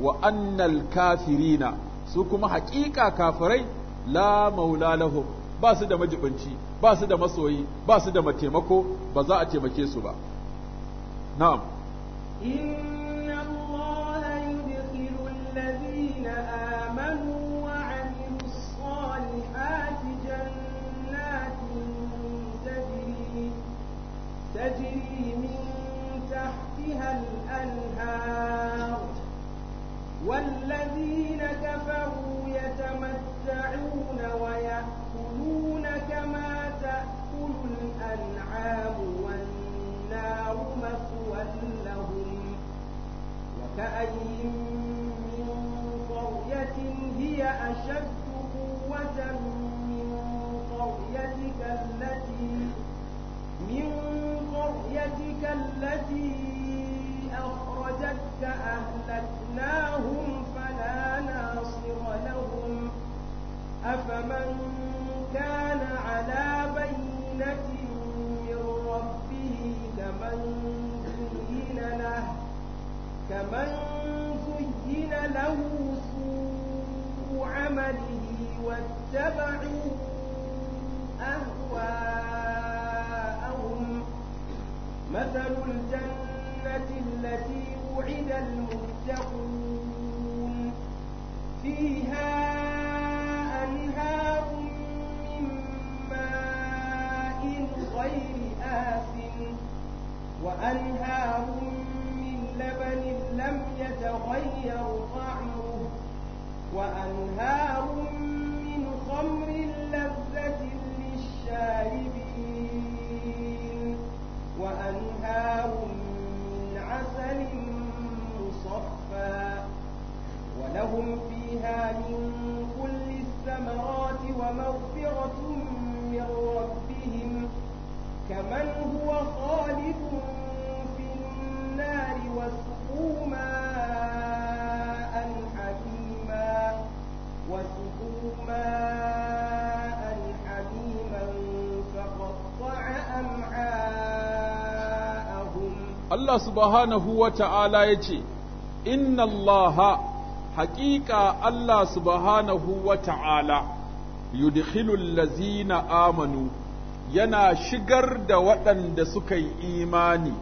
wa annal kafirina su kuma haƙiƙa kafirai la maula lahum ba su da majibanci ba su da masoyi ba su da mataimako ba za a taimake su ba na'am والذين كفروا يتمتعون ويأكلون كما تأكل الأنعام والنار مثوى لهم وكأي من قرية هي أشد قوة من قريتك التي من قريتك التي أخرجت وجدت أهلكناهم فلا ناصر لهم أفمن كان على بينة من ربه كمن زين له كمن زين له سوء عمله واتبعوا أهواءهم مثل الجنة التي فيها Allah subhanahu wa ta'ala ya ce, Inna Allah haƙiƙa Allah subhanahu wa ta'ala, lazina amanu, yana shigar da waɗanda suka yi imani,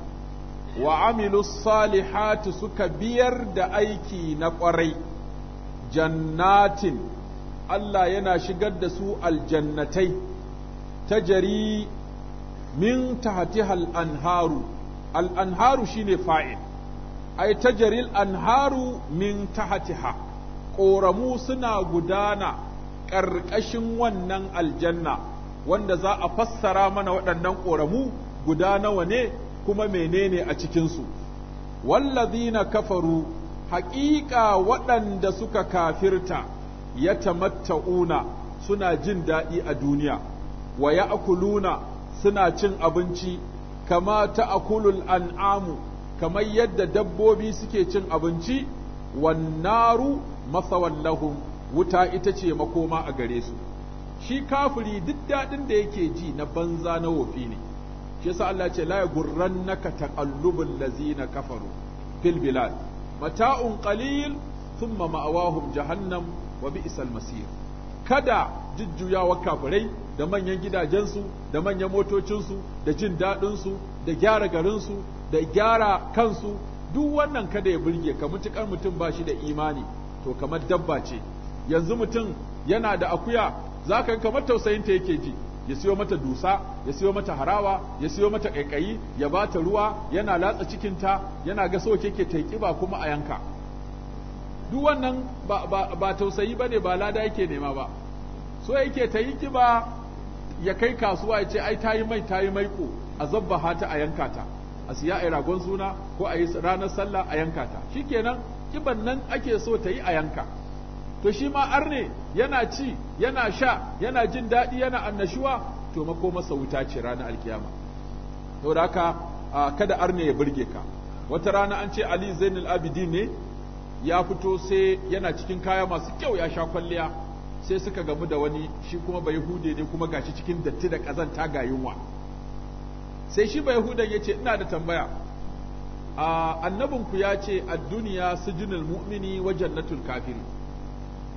wa amilu salihatu suka biyar da aiki na ƙwarai, jannatin, Allah yana shigar da su aljannatai, ta jari min tahtihal anharu. al'anharu shi ne fa'il, ai, tajaril anharu min tahatiha, ƙoramu suna gudana ƙarƙashin wannan aljanna, wanda za a fassara mana waɗannan ƙoramu guda nawa ne kuma menene a cikinsu. Wallazina kafaru, haƙiƙa waɗanda suka kafirta, ya tamatta'una suna jin daɗi a duniya, wa ya suna cin abinci. kama akulul an'amu kamar yadda dabbobi suke cin abinci wannaru naru masawan lahum wuta ita ce makoma a gare su shi kafiri duk daɗin da yake ji na banza na wofi ne shi yasa Allah ce la yagurrannaka taqallubul ladzina kafaru fil bilad mata'un qalil thumma ma'awahum jahannam wa bi'sal masir kada jujjuyawar kafirai da manyan gidajensu da manyan motocinsu da jin daɗinsu da gyara garinsu da gyara kansu duk wannan kada ya burge ka mutukar mutum ba shi da imani to kamar dabba ce yanzu mutum yana da akuya za ka yi kamar tausayinta yake ji ya siyo mata dusa ya siyo mata harawa ya siyo mata ƙaiƙayi ya ba ta ruwa yana latsa cikinta yana ga so keke ta ƙiba kuma a yanka duk wannan ba, ba tausayi ba ne ba lada yake nema ba so yake ta yi kiba ya kai kasuwa ya ce ai ta yi mai ta yi maiko a zabbaha ta a yanka ta a siya a yi ragon suna ko a yi ranar sallah a yanka ta kenan kiban nan ake so ta yi a yanka to shi ma arne yana ci yana sha yana jin daɗi yana annashuwa to mako masa wuta ce ranar alkiyama da haka kada arne ya burge ka wata rana an ce ali zainul abidi ne ya fito sai yana cikin kaya masu kyau ya sha kwalliya sai suka gamu da wani shi kuma bai hude ne kuma gashi cikin datti da kazanta ga yunwa sai shi bai hudan ya ce ina da tambaya annabinku ya ce a duniya sujinul mu'mini wajen jannatul kafiri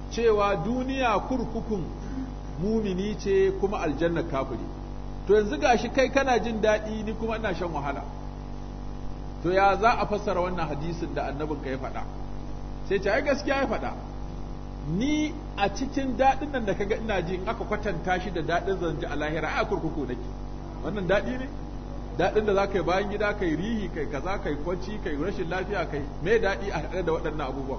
cewa duniya kurkukun mumini ce kuma aljannar kafiri to yanzu gashi kai kana jin daɗi ni kuma ina shan wahala to ya za a fassara wannan hadisin da annabinka ya faɗa sai ce ai gaskiya ya faɗa ni a cikin daɗin nan da kaga ina ji in aka kwatanta shi da daɗin zanje a lahira a kurkuku nake wannan daɗi ne daɗin da za ka yi bayan gida ka yi rihi kai kaza kai kwanci kai rashin lafiya kai me daɗi a haɗe da waɗannan abubuwa.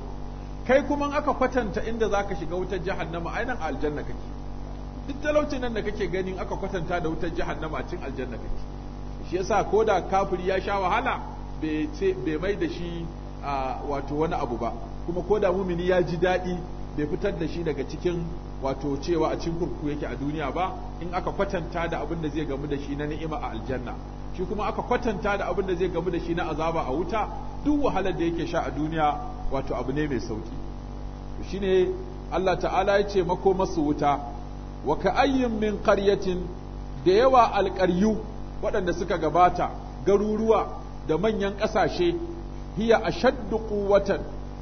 kai kuma aka kwatanta inda za ka shiga wutar jahannama ai nan a aljanna kake duk talaucin nan da kake ganin aka kwatanta da wutar jahannama a cikin aljanna kake shi yasa ko da kafiri ya sha wahala bai mai da shi wato wani abu ba kuma ko da mumini ya ji daɗi bai fitar da shi daga cikin wato cewa a cikin kurkuku yake a duniya ba in aka kwatanta da abin da zai gamu da shi na ni'ima a aljanna shi kuma aka kwatanta da abin da zai gamu da shi na azaba a wuta duk wahalar da yake sha a duniya wato abu ne mai sauki shine Allah ta'ala ya ce mako masu wuta wa ka'ayyin min qaryatin da yawa alqaryu waɗanda suka gabata garuruwa da manyan ƙasashe hiya ashaddu quwwatan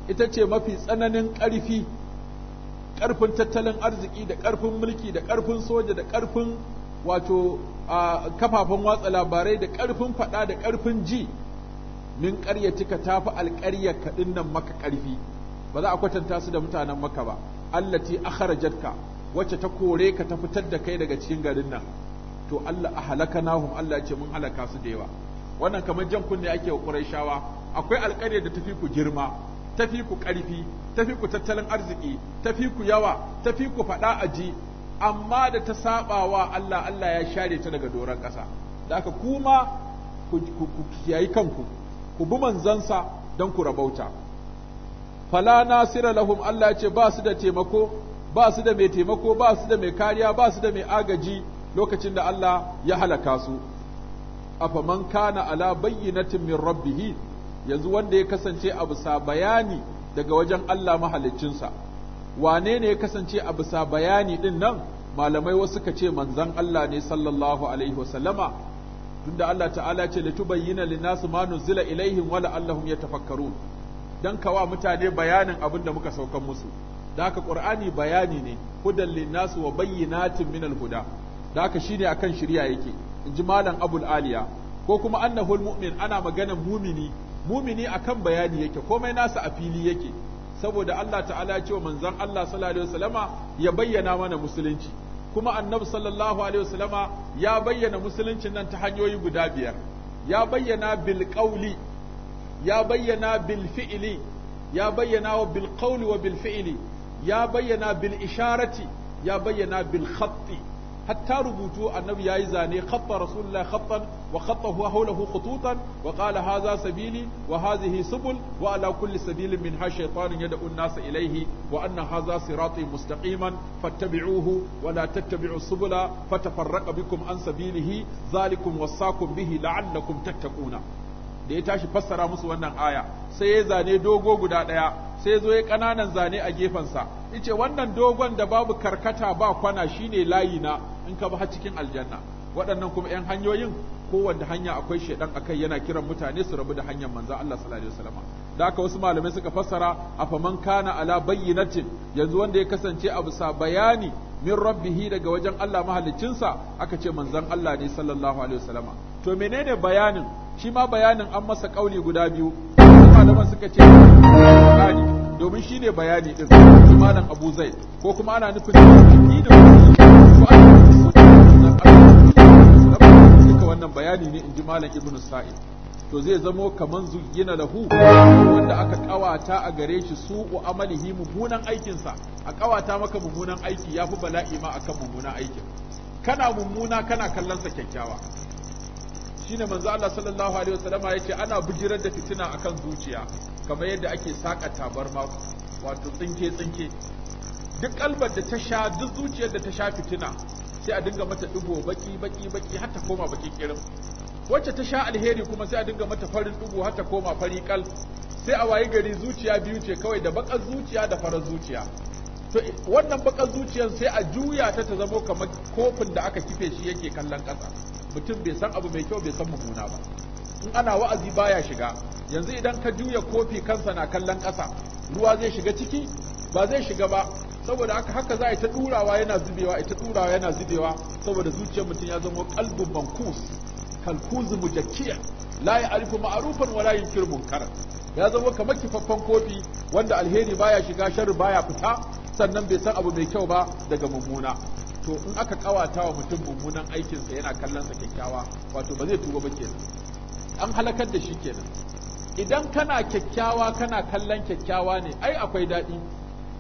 ita ce mafi tsananin ƙarfi ƙarfin tattalin arziki da ƙarfin mulki da ƙarfin soja da ƙarfin wato a kafafen watsa labarai da ƙarfin faɗa da ƙarfin ji min ƙaryatika ta fi alƙarya kaɗin nan maka ƙarfi ba za a kwatanta su da mutanen maka ba allati akharajatka wacce ta kore ka ta fitar da kai daga cikin garin nan to Allah a nahum Allah ce mun halaka su da yawa wannan kamar jan kunne ake wa shawa, akwai alƙaryar da ta fi ku girma tafi ku ƙarfi tafi ku tattalin arziki tafi ku yawa tafi ku faɗa a ji amma da ta saba wa Allah Allah ya share ta daga doron ƙasa da haka kuma ku kiyayi kanku ku bi manzansa don ku rabauta fala nasira lahum Allah ya ce ba su da taimako ba su da mai taimako ba su da mai kariya ba su da mai agaji lokacin da Allah ya halaka su afaman kana ala bayyinatin min rabbihi yanzu wanda ya kasance a bisa bayani daga wajen Allah mahaliccinsa wane ne ya kasance a bisa bayani din nan malamai wasu ka ce manzan Allah ne sallallahu alaihi wasallama tunda Allah ta'ala ce na linnasu ma nuzila ilaihim wala allahum yatafakkarun dan kawa mutane bayanin abin da muka saukan musu da haka qur'ani bayani ne hudan linnasu wa bayyinatin minal huda da haka shine akan shirya yake inji malam abul aliya ko kuma annahul mu'min ana maganar mumini mumini akan bayani yake komai nasa a fili yake saboda Allah ta'ala ya ce wa manzon Allah sallallahu alaihi wasallama ya bayyana mana musulunci kuma annabi sallallahu alaihi wasallama ya bayyana musuluncin nan ta hanyoyi guda biyar ya bayyana bil qawli ya bayyana bil fi'li ya bayyana wa bil qawli wa bil fi'li ya bayyana bil isharati ya bayyana bil khatti hatta rubutu annabi yayi zane khatta rasulullah khattan wa khatta huwa hawlahu khututan wa qala hadha sabili wa hadhihi subul wa ala kulli sabilin min shaytanun yad'u an-nasa ilayhi wa anna hadha sirati mustaqiman fattabi'uhu wa la tattabi'u subula fatafarraqa bikum an sabilihi dhalikum wasaqakum bihi la'allakum tattaquna da ya tashi fassara musu wannan aya sai ya zane dogo guda ɗaya sai zo ya ƙananan zane a gefensa yace wannan dogon da babu karkata ba kwana shine layi na in ka bi har cikin aljanna waɗannan kuma ‘yan hanyoyin kowanne hanya akwai shaidan akai yana kiran mutane su rabu da hanyar manzo Allah sallallahu alaihi wasallam da haka wasu malamai suka fassara afaman kana ala bayyinatin yanzu wanda ya kasance a bisa bayani min rabbihi daga wajen Allah sa aka ce manzon Allah ne sallallahu alaihi wasallam to menene bayanin shi ma bayanin an masa kauli guda biyu malaman suka ce bayani domin shi ne bayani din su malam abu zai ko kuma ana nufin ni da su, duka wannan bayani ne in ji malam ibnu sa'id to zai zamo kaman zugina lahu wanda aka kawata a gare shi su u amalihi mummunan aikinsa a kawata maka mumunan aiki yafi bala'i ma akan mumunan aikin kana mummuna kana kallon sa kyakkyawa shine manzo Allah sallallahu alaihi wasallama yace ana bujirar da fitina akan zuciya kamar yadda ake saka tabarma wato tsinke tsinke duk kalbar da ta sha duk zuciyar da ta sha fitina sai a dinga mata dubo baki baki baki har ta koma baki kirin wacce ta sha alheri kuma sai a dinga mata farin dubo har ta koma fari kal sai a wayi gari zuciya biyu ce kawai da bakar zuciya da farar zuciya to wannan bakar zuciyar sai a juya ta ta zamo kamar kofin da aka kife shi yake kallon ƙasa mutum bai san abu mai kyau bai san mummuna ba in ana wa'azi baya shiga yanzu idan ka juya kofi kansa na kallon ƙasa ruwa zai shiga ciki ba zai shiga ba saboda haka haka za a ta durawa yana zubewa ita durawa yana zubewa saboda zuciyar mutum ya zama kalbun bankus kalkuzu mujakkiya la ya'rifu maarufan wala yin yunkiru munkar ya zama kamar kifaffan kofi wanda alheri baya shiga sharri baya fita sannan bai san abu mai kyau ba daga mummuna to in aka kawata wa mutum mummunan aikinsa yana kallon sa kyakkyawa wato ba zai tuba ba kenan an halakar da shi kenan idan kana kyakkyawa kana kallon kyakkyawa ne ai akwai daɗi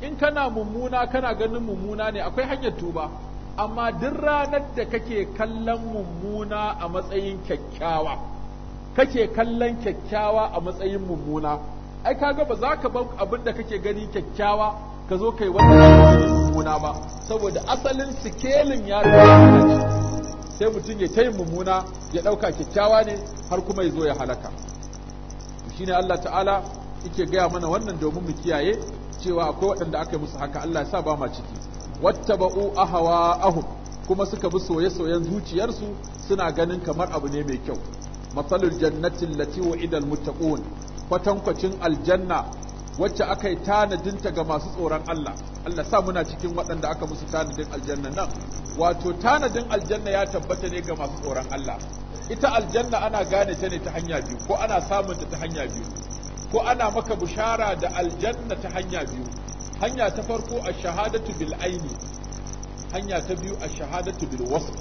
in kana mummuna kana ganin mummuna ne akwai hanyar tuba amma duk ranar da kake kallon mummuna a matsayin kyakkyawa kake kallon kyakkyawa a matsayin mummuna ai kaga ba za ka bar abin da kake gani kyakkyawa ka zo kai wannan mummuna ba saboda asalin sikelin ya sai mutum ya ta yin mummuna ya ɗauka kyakkyawa ne har kuma ya zo ya halaka ne Allah ta'ala yake gaya mana wannan domin mu kiyaye cewa akwai waɗanda aka yi musu haka Allah ya sa ba ma ciki wattaba'u ahawa ahum kuma suka bi soye-soyen zuciyarsu suna ganin kamar abu ne mai kyau matsalul jannatin lati wa idal muttaqun kwatankwacin aljanna wacce aka yi tanadinta ga masu tsoron Allah Allah sa muna cikin waɗanda aka musu tanadin aljanna nan wato tanadin aljanna ya tabbata ne ga masu tsoron Allah ita aljanna ana gane ta ne ta hanya biyu ko ana samun ta ta hanya biyu ko ana maka bushara da aljanna ta hanya biyu hanya ta farko a shahadatu bil aini hanya ta biyu a shahadatu bil wasf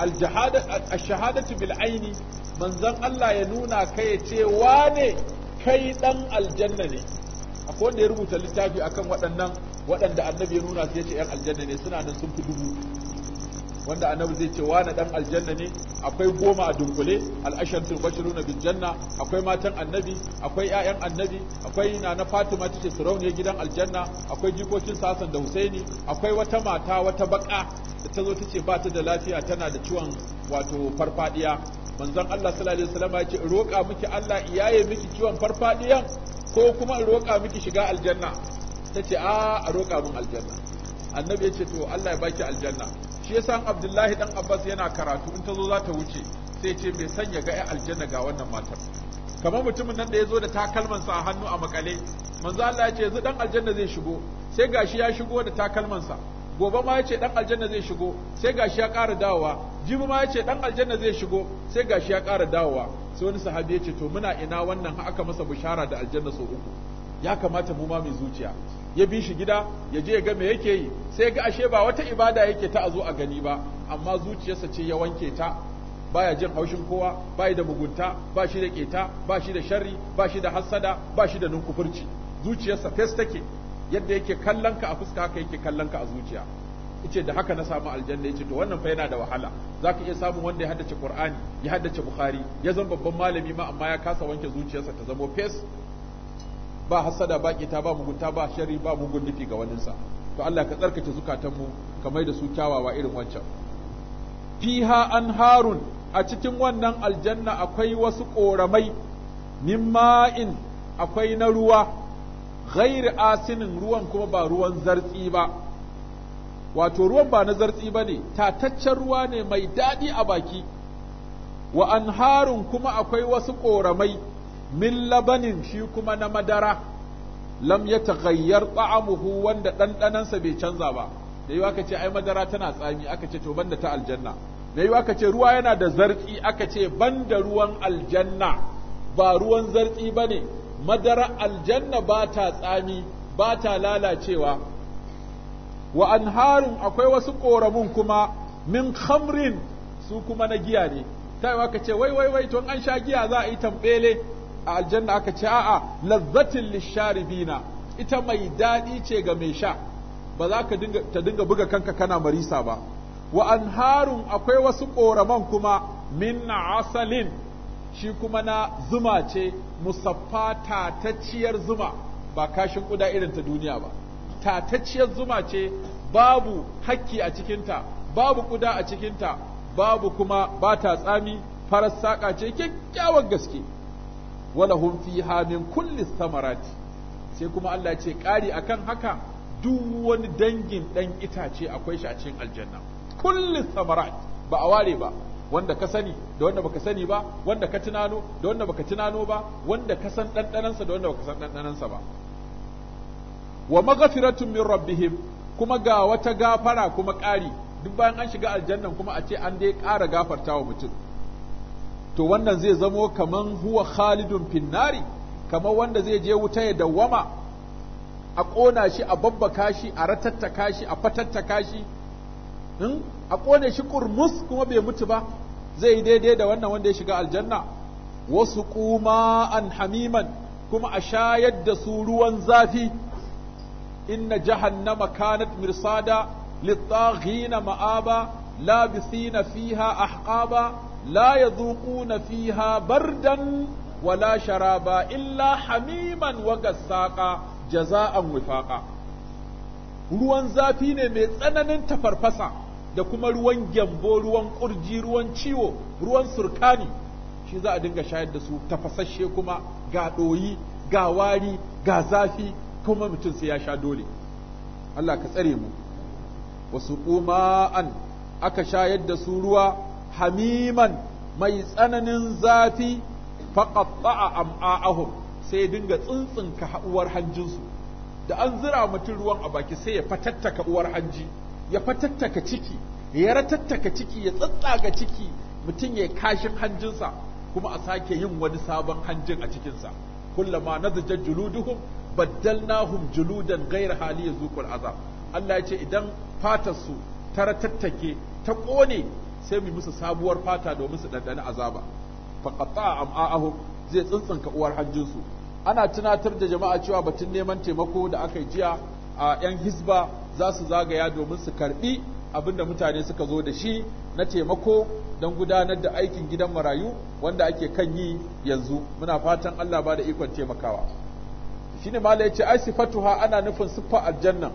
al shahadatu bil aini manzon Allah ya nuna kai ya ce wane kai dan aljanna ne akwai wanda ya rubuta littafi akan waɗannan waɗanda annabi ya nuna su yace yan aljanna ne suna nan sun fi dubu wanda annabi zai ce wa na dan aljanna ne akwai goma a dunkule al'ashantul bashiruna bil janna akwai matan annabi akwai ƴaƴan annabi akwai nana fatima tace sarauniya gidan aljanna akwai jikokin sasan da husaini akwai wata mata wata baka da ta zo tace ba ta da lafiya tana da ciwon wato farfadiya manzon Allah sallallahu alaihi wasallam ya ce roƙa miki Allah iyaye miki ciwon farfadiyan ko kuma roƙa miki shiga aljanna tace a a roƙa min aljanna annabi ya ce to Allah ya baki aljanna shi yasa Abdullahi dan Abbas yana karatu in tazo za ta wuce sai ce bai sanya ga 'yan aljanna ga wannan matar kamar mutumin nan da ya zo da sa a hannu a makale manzo Allah yace ce yanzu dan aljanna zai shigo sai gashi ya shigo da takalman sa gobe ma yace dan aljanna zai shigo sai gashi ya ƙara dawowa jibi ma yace dan aljanna zai shigo sai gashi ya ƙara dawowa sai wani sahabi yace to muna ina wannan aka masa bushara da aljanna sau uku ya kamata mu ma mai zuciya ya bi shi gida ya je ya ga me yake yi sai ga ashe ba wata ibada yake ta a zo a gani ba amma zuciyarsa ce ya wanke ta baya jin haushin kowa baya da mugunta ba shi da keta ba shi da sharri ba shi da hassada ba shi da nunkufurci zuciyarsa fes take yadda yake kallon ka a fuska haka yake kallon ka a zuciya yace da haka na samu aljanna yace to wannan fa yana da wahala zaka iya samun wanda ya haddace qur'ani ya haddace bukhari ya zama babban malami ma amma ya kasa wanke zuciyarsa ta zama fes ba hasada ba kita ba mugunta ba shari ba mugun nufi ga waninsa to Allah ka tsarkake zukatanmu ka maida da su kyawawa irin wancan fiha anharun a cikin wannan aljanna akwai wasu ƙoramai min ma'in akwai na ruwa ghairi asinin ruwan kuma ba ruwan zartsi ba wato ruwan ba na zartsi ba ne tataccen ruwa ne mai daɗi a baki wa anharun kuma akwai wasu ƙoramai min labanin shi kuma na madara lam ya taghayyar ta'amuhu wanda ɗanɗanansa bai canza ba da yiwa ce ai madara tana tsami aka ce to banda ta aljanna da yiwa ce ruwa yana da zartsi aka ce banda ruwan aljanna ba ruwan zartsi ba ne madara aljanna ba ta tsami ba ta lalacewa wa anharun akwai wasu ƙoramun kuma min khamrin su kuma na giya ne ta aka ce wai wai wai tun an sha giya za a yi tambele a aljanna aka ce a'a lazzatin lisharibina ita mai daɗi ce ga mai sha ba za ka ta dinga buga kanka kana marisa ba wa anharun akwai wasu ƙoraman kuma min asalin shi kuma na zuma ce musaffa tatacciyar zuma ba kashin kuda irin ta duniya ba tatacciyar zuma ce babu hakki a cikinta babu kuda a cikinta babu kuma ba ta tsami farar saƙa ce kyakkyawar gaske wala hum fiha min kulli samarati sai kuma Allah ya ce ƙari akan haka duk wani dangin ɗan itace akwai shi a cikin aljanna kulli samarat ba a ware ba wanda ka sani da wanda baka sani ba wanda ka tunano da wanda baka tunano ba wanda ka san ɗanɗanansa da wanda baka san ɗanɗanansa ba wa maghfiratun min rabbihim kuma ga wata gafara kuma ƙari duk bayan an shiga aljannan kuma a ce an dai ƙara gafarta wa mutum to wannan zai zamo kaman huwa khalidun finnari kamar wanda zai je wuta ya dawwama a ƙona shi a babbaka shi a ratattaka shi a fatattaka shi Hmm? a ƙone shi kurmus kuma bai mutu ba zai yi daidai da wannan wanda ya shiga aljanna wasu kuma an hamiman kuma a shayar da su ruwan zafi inna jahannama kanat mirsada littaghina ma'aba labisina fiha ahqaba la yadhuquna fiha bardan wala sharaba illa hamiman wa gassaqa jaza'an wifaqa ruwan zafi ne mai tsananin tafarfasa da kuma ruwan gyambo ruwan kurji ruwan ciwo ruwan surkani shi za a dinga shayar da su tafasasshe kuma ga ɗoyi ga wari ga zafi kuma mutum sai ya sha dole Allah ka tsare mu wasu an aka shayar da su ruwa hamiman mai tsananin zafi faƙaɓa am'a'ahum sai dinga tsintsinka uwar hanjinsu da an zira mutum ruwan a baki sai ya fatattaka uwar hanji ya fatattaka ciki ya ratattaka ciki ya tsatsaga ciki mutum ya kashin hanjinsa kuma a sake yin wani sabon hanjin a cikinsa kullama nazajat juluduhum baddalnahum juludan ghayra hali ya zukar azab Allah ya ce idan fatarsu ta ratattake ta ƙone sai mu musu sabuwar fata domin su dandana azaba a am'a'ahum zai tsintsinka uwar hanjinsu ana tunatar da jama'a cewa batun neman taimako da aka yi jiya a yan hisba za su zagaya domin su karbi abin da mutane suka zo da shi na taimako don gudanar da aikin gidan marayu wanda ake kan yi yanzu muna fatan Allah ba da ikon taimakawa shine mala yace ai sifatuha ana nufin siffa aljanna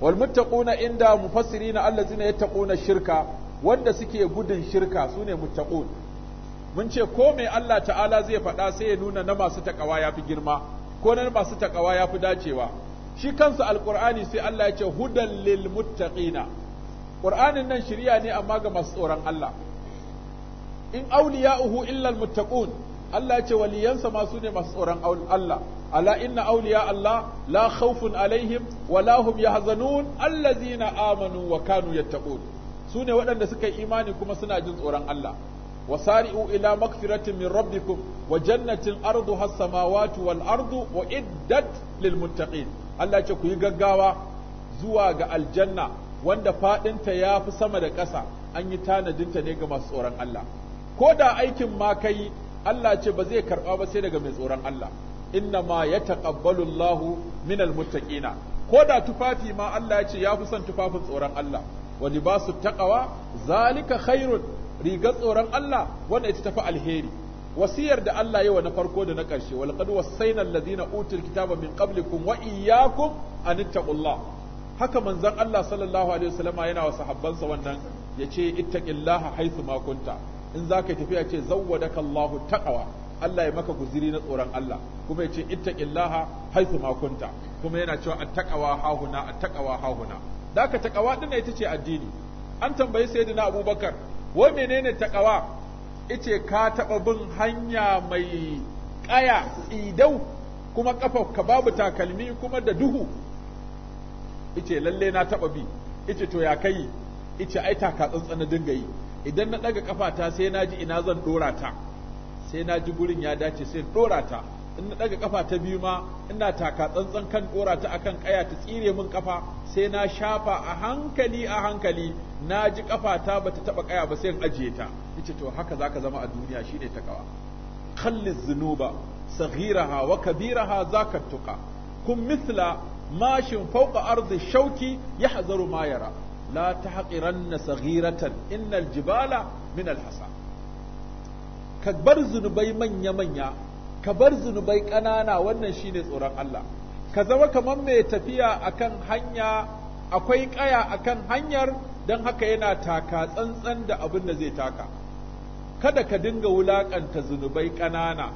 wal muttaquna inda mufassirina allazina yattaquna shirka wanda suke gudun shirka sune muttaqun mun ce ko mai Allah ta'ala zai faɗa sai ya nuna na masu takawa yafi girma ko na masu takawa yafi dacewa shi kansa alkur'ani sai Allah ya ce hudan lil muttaqina qur'anin nan shiriya ne amma ga masu tsoron Allah in awliya'uhu illa al muttaqun Allah ya ce waliyansa ma su ne masu tsoron Allah ala inna awliya Allah la khawfun alaihim wa la hum yahzanun allazina amanu wa kanu yattaqun su ne waɗanda suka yi imani kuma suna jin tsoron Allah وسارئوا إلى مغفرة من ربكم وجنة أرضها السماوات والأرض وإدت للمتقين Allah ce ku yi gaggawa zuwa ga aljanna wanda faɗinta ya fi sama da ƙasa an yi tanadinta ne ga masu tsoron Allah ko da aikin ma kai Allah ce ba zai karɓa ba sai daga mai tsoron Allah inna ma ya taƙabbalullahu Allahu minal almuttaqina ko da tufafi ma Allah ya ce ya fi son tufafin tsoron Allah wa libasu taqwa zalika khairun rigar tsoron Allah wanda ita tafi alheri wasiyar da Allah yawa na farko da na ƙarshe wal qad wasaina alladhina utul kitaba min qablikum wa iyyakum an ittaqullah haka manzon Allah sallallahu alaihi wasallam yana wa sahabbansa wannan yace ittaqillaha haythu ma kunta in zaka tafiya ce zawwadaka Allahu taqwa Allah ya maka guziri na tsoron Allah kuma yace ittaqillaha haythu ma kunta kuma yana cewa attaqwa hahuna attaqwa hahuna da taqwa din ita ce addini an tambayi sayyidina Abubakar wai menene taqwa ice ka taɓa bin hanya mai ƙaya idau kuma ka babu takalmi kuma da duhu ice lalle na taɓa bi ice to ya kai ice ai taka tsantsan dinga yi idan na ɗaga ƙafata sai na ji ina zan ɗora ta sai na ji gurin ya dace sai ɗora ta in na ɗaga kafa ta biyu ma ina taka tsantsan kan kora ta akan ƙaya ta tsire min ƙafa. sai na shafa a hankali a hankali na ji ƙafa ta bata taɓa ƙaya ba sai in ajiye ta yace to haka zaka zama a duniya shine ta kawa khalli dhunuba saghiraha wa kabiraha zaka tuƙa. kun mithla mashin fauƙa arzi shauki yahzaru ma yara la tahqiranna saghiratan innal jibala min alhasa ka bar zunubai manya manya ka bar zunubai ƙanana wannan shi ne tsoron Allah ka zama kamar mai tafiya akan hanya akwai ƙaya akan hanyar don haka yana taka tsantsan da abin da zai taka kada ka dinga wulaƙanta zunubai ƙanana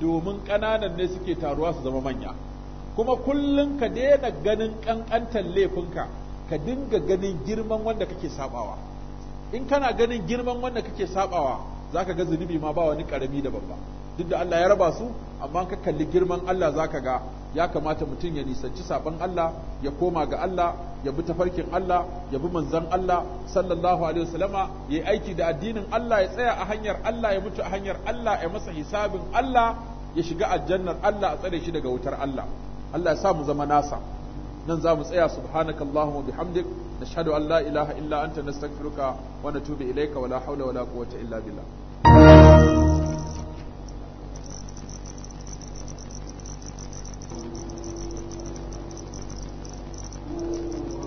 domin ƙananan ne suke taruwa su zama manya kuma kullum ka daina ganin ƙanƙantar laifinka ka dinga ganin girman wanda kake sabawa in kana ganin girman wanda kake sabawa zaka ga zunubi ma ba wani ƙarami da babba duk da Allah ya raba su amma ka kalli girman Allah zaka ga ya kamata mutum ya nisanci saban Allah ya koma ga Allah ya bi tafarkin Allah ya bi manzon Allah sallallahu alaihi wasallama yi aiki da addinin Allah ya tsaya a hanyar Allah ya mutu a hanyar Allah ya masa hisabin Allah ya shiga aljannar Allah a tsare shi daga wutar Allah Allah ya sa mu zama nasa nan za mu tsaya su, bihamdik nashhadu an la ilaha illa anta nastaghfiruka wa natubu ilayka wa la hawla wa la illa billah あ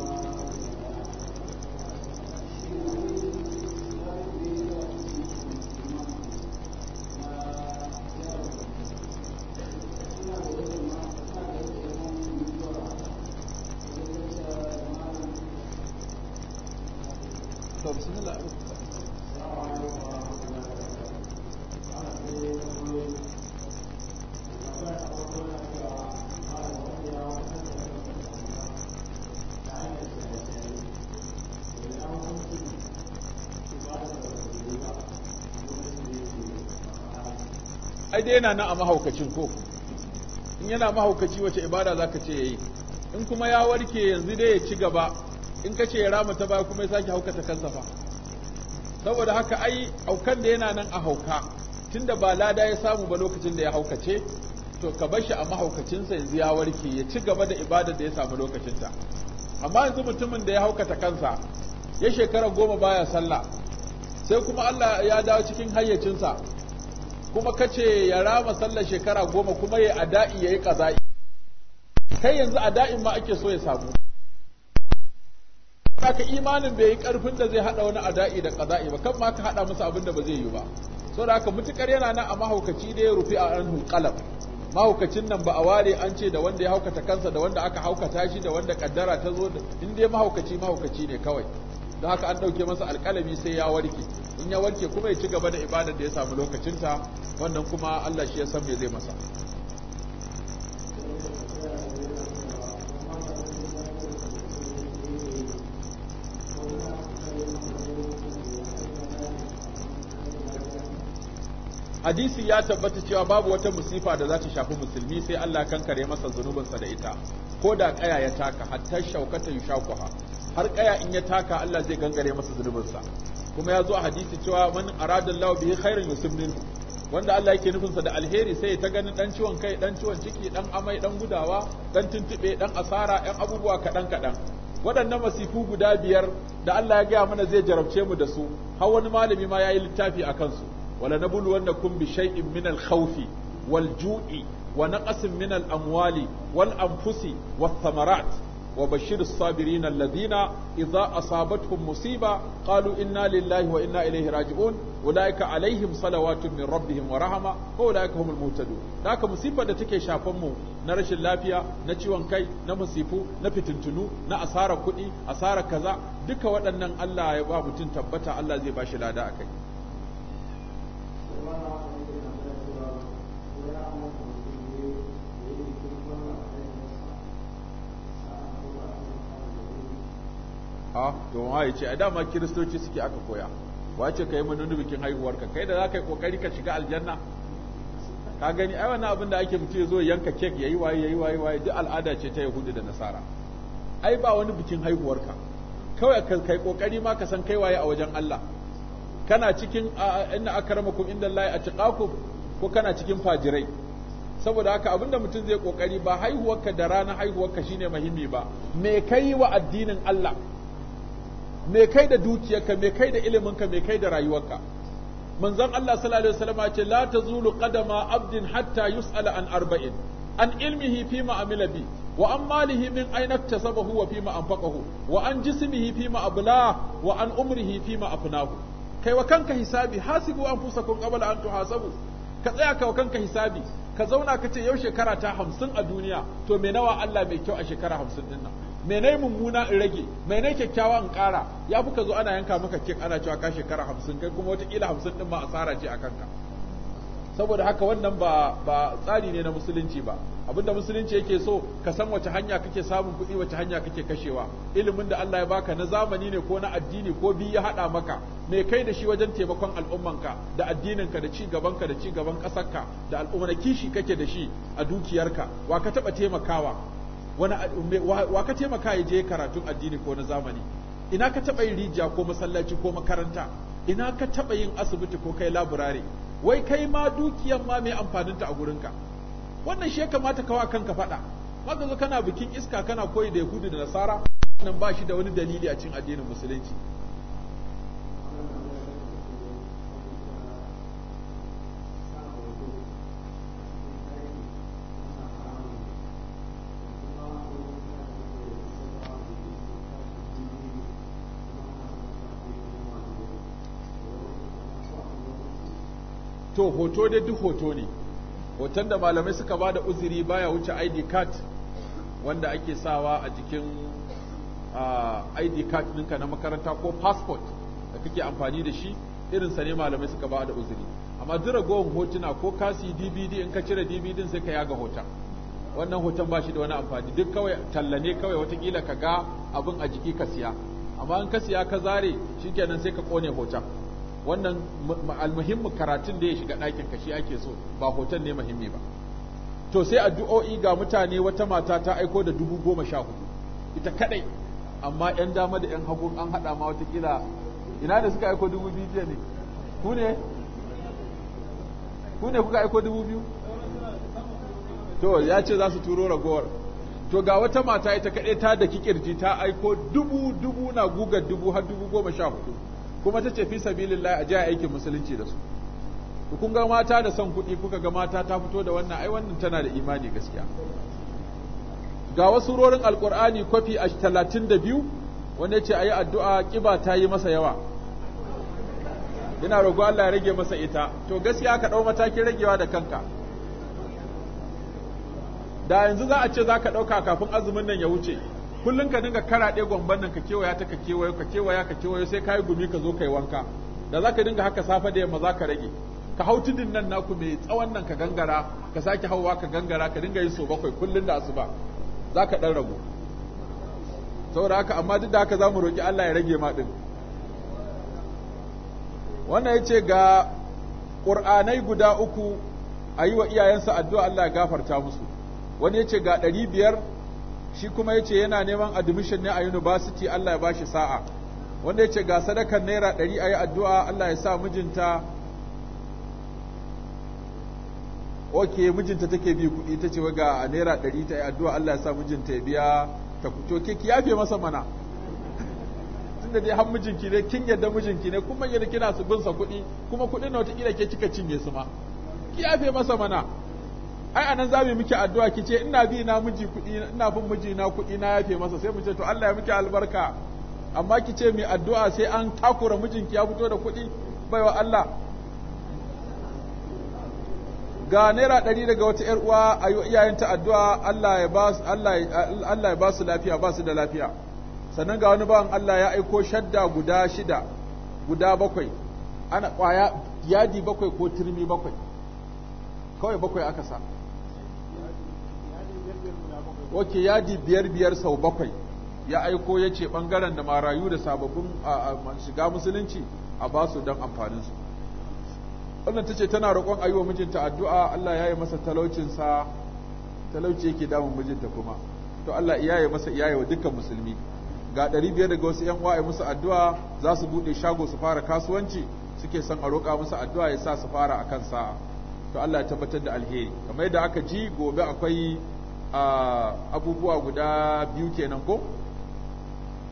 dai yana nan a mahaukacin ko in yana mahaukaci wace ibada za ka ce yayi in kuma ya warke yanzu dai ya ci gaba in ka ce ya rama ta baya kuma ya sake haukata kansa fa saboda haka ai aukan da yana nan a hauka tunda ba lada ya samu ba lokacin da ya haukace to ka bar shi a mahaukacinsa yanzu ya warke ya ci gaba da ibadar da ya samu lokacinta amma yanzu mutumin da ya haukata kansa ya shekara goma baya sallah sai kuma Allah ya dawo cikin hayyacinsa kuma kace ya rama sallar shekara goma kuma ya ada'i ya yi kaza'i kai yanzu ada'in ma ake so ya samu ka imanin bai yi karfin da zai hada wani ada'i da kaza'i ba kan ma ka hada musu abin da ba zai yi ba da haka mutukar yana nan a mahaukaci da ya rufi a anhu qalam mahaukacin nan ba a ware an ce da wanda ya haukata kansa da wanda aka haukata shi da wanda kaddara ta zo da. in dai mahaukaci mahaukaci ne kawai don haka an ɗauke masa alkalami sai ya warke in ya warke kuma ya ci gaba da ibadar da ya samu lokacinta wannan kuma Allah shi ya san me zai masa hadisi ya tabbata cewa babu wata musifa da za ta shafi musulmi sai Allah kankare masa zunubinsa da ita ko da kaya ya taka hatta shaukatan shakuha har kaya in ya taka Allah zai gangare masa zunubinsa kuma ya zo a hadisi cewa man Allah bihi khairan yusuf wanda Allah yake nufin sa da alheri sai ta ganin dan ciwon kai dan ciwon ciki dan amai dan gudawa dan tuntube dan asara yan abubuwa kadan kadan waɗannan masifu guda biyar da Allah ya gaya mana zai jarabce mu da su har wani malami ma ya yi littafi a kansu wala nabulu kun bi shay'in min al khawfi wal ju'i wa naqsin min al amwali wal anfusi wath thamarat wa bashir sabirin alladhina idza asabatuhum musiba qalu inna lillahi wa inna ilaihi raji'un ulaika alaihim salawatun min rabbihim wa rahama wa ulaika humul muhtadun haka musibar da take shafan mu na rashin lafiya na ciwon kai na musifu na fitintunu na asara kuɗi asara kaza duka waɗannan Allah ya ba mutum tabbata Allah zai ba shi lada akai a to ma ce a dama kiristoci suke aka koya wace ka yi manuni bikin haihuwarka kai da za ka yi kokari ka shiga aljanna ka gani ai wannan abin da ake mutu ya zo yanka kek yayi waye yayi waye waye duk al'ada ce ta yahudu da nasara ai ba wani bikin haihuwarka kawai ka kai kokari ma ka san kai waye a wajen Allah kana cikin inna akramakum a atqakum ko kana cikin fajirai saboda haka abinda mutum zai kokari ba haihuwarka da ranar haihuwarka shine muhimmi ba me kai wa addinin Allah me kai da dukiyarka me kai da iliminka me kai da rayuwarka manzon Allah sallallahu alaihi wasallam ce la tazulu qadama abdin hatta yus'ala an arba'in an ilmihi fi ma amila bi wa an malihi min aina tasabahu wa fi ma anfaqahu wa an jismihi fi ma abla wa an umrihi fi ma afnahu kai wa kanka hisabi hasibu anfusakum qabla an tuhasabu ka tsaya ka wa kanka hisabi ka zauna ka ce yau shekara ta 50 a duniya to me nawa Allah mai kyau a shekara 50 din nan menai mummuna in rage menai kyakkyawa in kara ya fi ka zo ana yanka maka kek ana cewa ka shekara hamsin kai kuma wataƙila hamsin ɗin ma asara ce a kanka saboda haka wannan ba ba tsari ne na musulunci ba abinda musulunci yake so ka san wace hanya kake samun kuɗi wace hanya kake kashewa ilimin da Allah ya baka na zamani ne ko na addini ko biyu ya haɗa maka me kai da shi wajen taimakon al'ummanka da addininka da ci gabanka da ci gaban ka da al'umma kishi kake da shi a dukiyarka wa ka taɓa taimakawa wani wa ka taimaka ya je karatun addini ko na zamani ina ka taba yin rijiya ko masallaci ko makaranta ina ka taɓa yin asibiti ko kai laburare wai kai ma dukiyar ma mai amfanin ta a gurinka wannan shi ya kamata ka kawa kanka faɗa maka zo kana bikin iska kana koyi da yahudu da nasara wannan ba shi da wani dalili a cikin addinin musulunci to hoto dai duk hoto ne hoton da malamai suka ba da uzuri baya wuce id card wanda ake sawa a jikin id card ɗinka na makaranta ko passport da kake amfani da shi irinsa ne malamai suka ba da uzuri amma duk ragowar hotuna ko kasi dvd in ka cire dvd sai ka yaga hoton wannan hoton ba shi da wani amfani duk kawai talla ne kawai watakila ka ga abin a jiki ka siya amma in ka siya ka zare shikenan sai ka kone hoton wannan almuhimmu karatun da ya shiga ɗakin ka shi ake so ba hoton ne muhimmi ba to sai addu'o'i ga mutane wata mata ta aiko da dubu goma sha hudu ita kadai amma yan dama da yan hagu an haɗa ma wata kila ina da suka aiko dubu biyu jiya ne ku ne ku ne kuka aiko dubu biyu to ya ce za su turo ragowar to ga wata mata ita kadai ta da kikirji ta aiko dubu dubu na gugar dubu har dubu goma sha hudu kuma ta ce fi sabilillah a ji aikin musulunci da su kun ga mata da son kuɗi kuka ga mata ta fito da wannan ai wannan tana da imani gaskiya ga wasu rorin alkur'ani kwafi a talatin da biyu wanda ya ce a yi addu'a ƙiba ta yi masa yawa yana rogo Allah ya rage masa ita to gaskiya ka ɗau matakin ragewa da kanka da yanzu za a ce za ka ɗauka kafin azumin nan ya wuce kullum ka dinga karaɗe gwamban nan ka kewaya ta ka kewayo ka kewaya ka kewayo sai ka yi gumi ka zo ka wanka da za ka dinga haka safe da yamma za ka rage ka hau tudun nan naku mai tsawon nan ka gangara ka sake hauwa ka gangara ka dinga yi so bakwai kullum da asuba za ka ɗan ragu saboda haka amma duk da haka za mu roƙi Allah ya rage ma ɗin wannan ya ce ga ƙur'anai guda uku a yi wa iyayensa addu'a Allah ya gafarta musu wani ya ce ga ɗari biyar shi kuma yace yana neman admission ne a university Allah ya bashi sa'a wanda yace ga sadakar naira 100 ayi addu'a Allah ya sa mijinta okay mijinta take bi kuɗi tace wai ga naira 100 ta yi addu'a Allah ya sa mijinta ya biya ta kuto ke ki yafe masa mana tunda dai har mijinki ne kin yadda mijinki ne kuma yadda kina su bin sa kuɗi kuma kuɗin na wata kila ke kika cinye su ma ki yafe masa mana ai anan za mu miki addu'a ki ce ina bi na miji kuɗi ina bin miji na kuɗi na yafe masa sai mu ce to Allah ya miki albarka amma ki ce mai addu'a sai an takura mijinki ya fito da kuɗi baiwa Allah ga naira ɗari daga wata ‘yar uwa a yi iyayenta addu'a Allah ya ba su lafiya ba su da lafiya sannan ga wani bawan Allah ya aiko shadda guda shida guda bakwai ana ƙwaya yadi bakwai ko turmi bakwai kawai bakwai aka sa wake yadi biyar biyar sau bakwai ya aiko ya ce ɓangaren da marayu da sababbin shiga musulunci a ba su don amfaninsu wannan ta ce tana roƙon yi wa mijinta addu'a Allah ya yi masa talaucinsa talauci yake damun mijinta kuma to Allah yi masa iyaye wa dukkan musulmi ga ɗari biyar daga wasu 'yan waye musu addu'a za su buɗe shago su fara kasuwanci suke son a roƙa musu addu'a ya sa su fara a kan sa'a to Allah ya tabbatar da alheri kamar yadda aka ji gobe akwai A abubuwa guda biyu kenan ko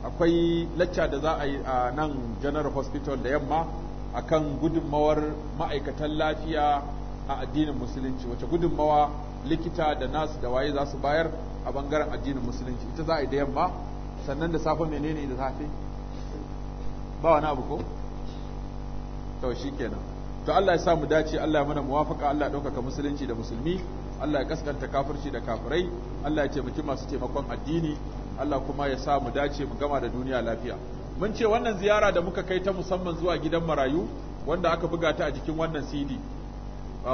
akwai lacca da za a yi a nan general hospital da yamma a kan gudunmawar ma'aikatan lafiya a addinin musulunci Wacce gudunmawa likita da nasu da waye za su bayar a bangaren addinin musulunci ita za a yi da yamma sannan da safe menene da safe ba wani abu ko to kenan to Allah ya sa mu dace Allah ya mana muwafaka Allah ya ɗaukaka musulunci da musulmi Allah ya kaskanta kafirci da kafirai Allah ya taimaki masu taimakon addini Allah kuma ya sa mu dace mu gama da duniya lafiya mun ce wannan ziyara da muka kai ta musamman zuwa gidan marayu wanda aka buga ta a jikin wannan CD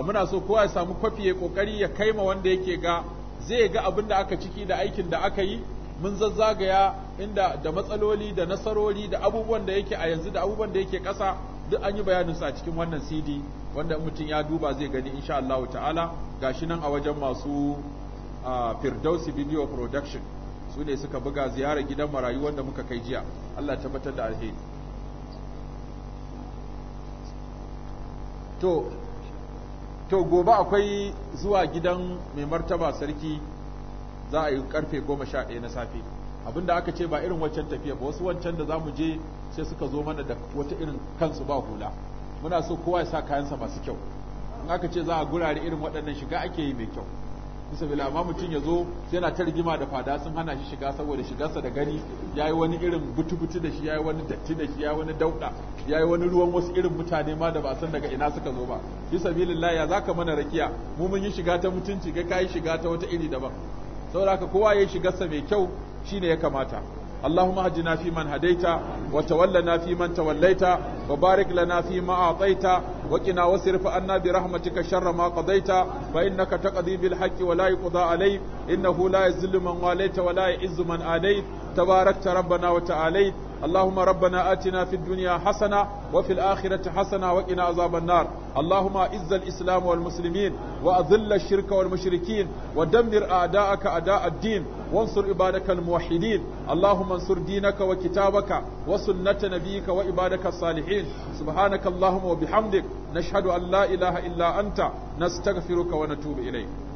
muna so kowa ya samu kwafi ya kokari ya kai ma wanda yake ga zai ga abin da aka ciki da aikin da aka yi mun zazzagaya inda da matsaloli da nasarori da abubuwan da yake a yanzu da abubuwan da yake ƙasa duk an yi bayanin su a cikin wannan CD wanda mutum ya duba zai gani insha Allah ta'ala gashi nan a wajen masu Firdausi Video Production su ne suka buga ziyarar gidan marayu wanda muka kai jiya Allah tabbatar da alheri to to gobe akwai zuwa gidan mai martaba sarki za a yi karfe 11 na safe abinda aka ce ba irin waccan tafiya ba wasu wancan da zamu je sai suka zo mana da wata irin kansu ba hula muna so kowa ya sa kayansa masu kyau in aka ce za a gurare irin waɗannan shiga ake yi mai kyau bisa bila amma mutum ya zo yana ta rigima da fada sun hana shi shiga saboda shigarsa da gani ya yi wani irin butubuti da shi ya yi wani datti da shi ya yi wani dauɗa ya yi wani ruwan wasu irin mutane ma da ba san daga ina suka zo ba bisa bila ya zaka mana rakiya mu mun yi shiga ta mutunci ga yi shiga ta wata iri daban saboda haka kowa ya shigarsa mai kyau shine ya kamata اللهم اهدنا فيمن هديت وتولنا فيمن توليت وبارك لنا فيما أعطيت وقنا واصرف عنا برحمتك شر ما قضيت فإنك تقضي بالحق ولا يقضى عليك إنه لا يذل من واليت ولا يعز من آليت تباركت ربنا وتعاليت اللهم ربنا آتنا في الدنيا حسنة وفي الآخرة حسنة وقنا عذاب النار اللهم أعز الإسلام والمسلمين وأذل الشرك والمشركين ودمر أعداءك أعداء الدين وانصر عبادك الموحدين اللهم انصر دينك وكتابك وسنة نبيك وعبادك الصالحين سبحانك اللهم وبحمدك nashhadu an la ilaha illa anta nastaghfiruka na natubu ilayk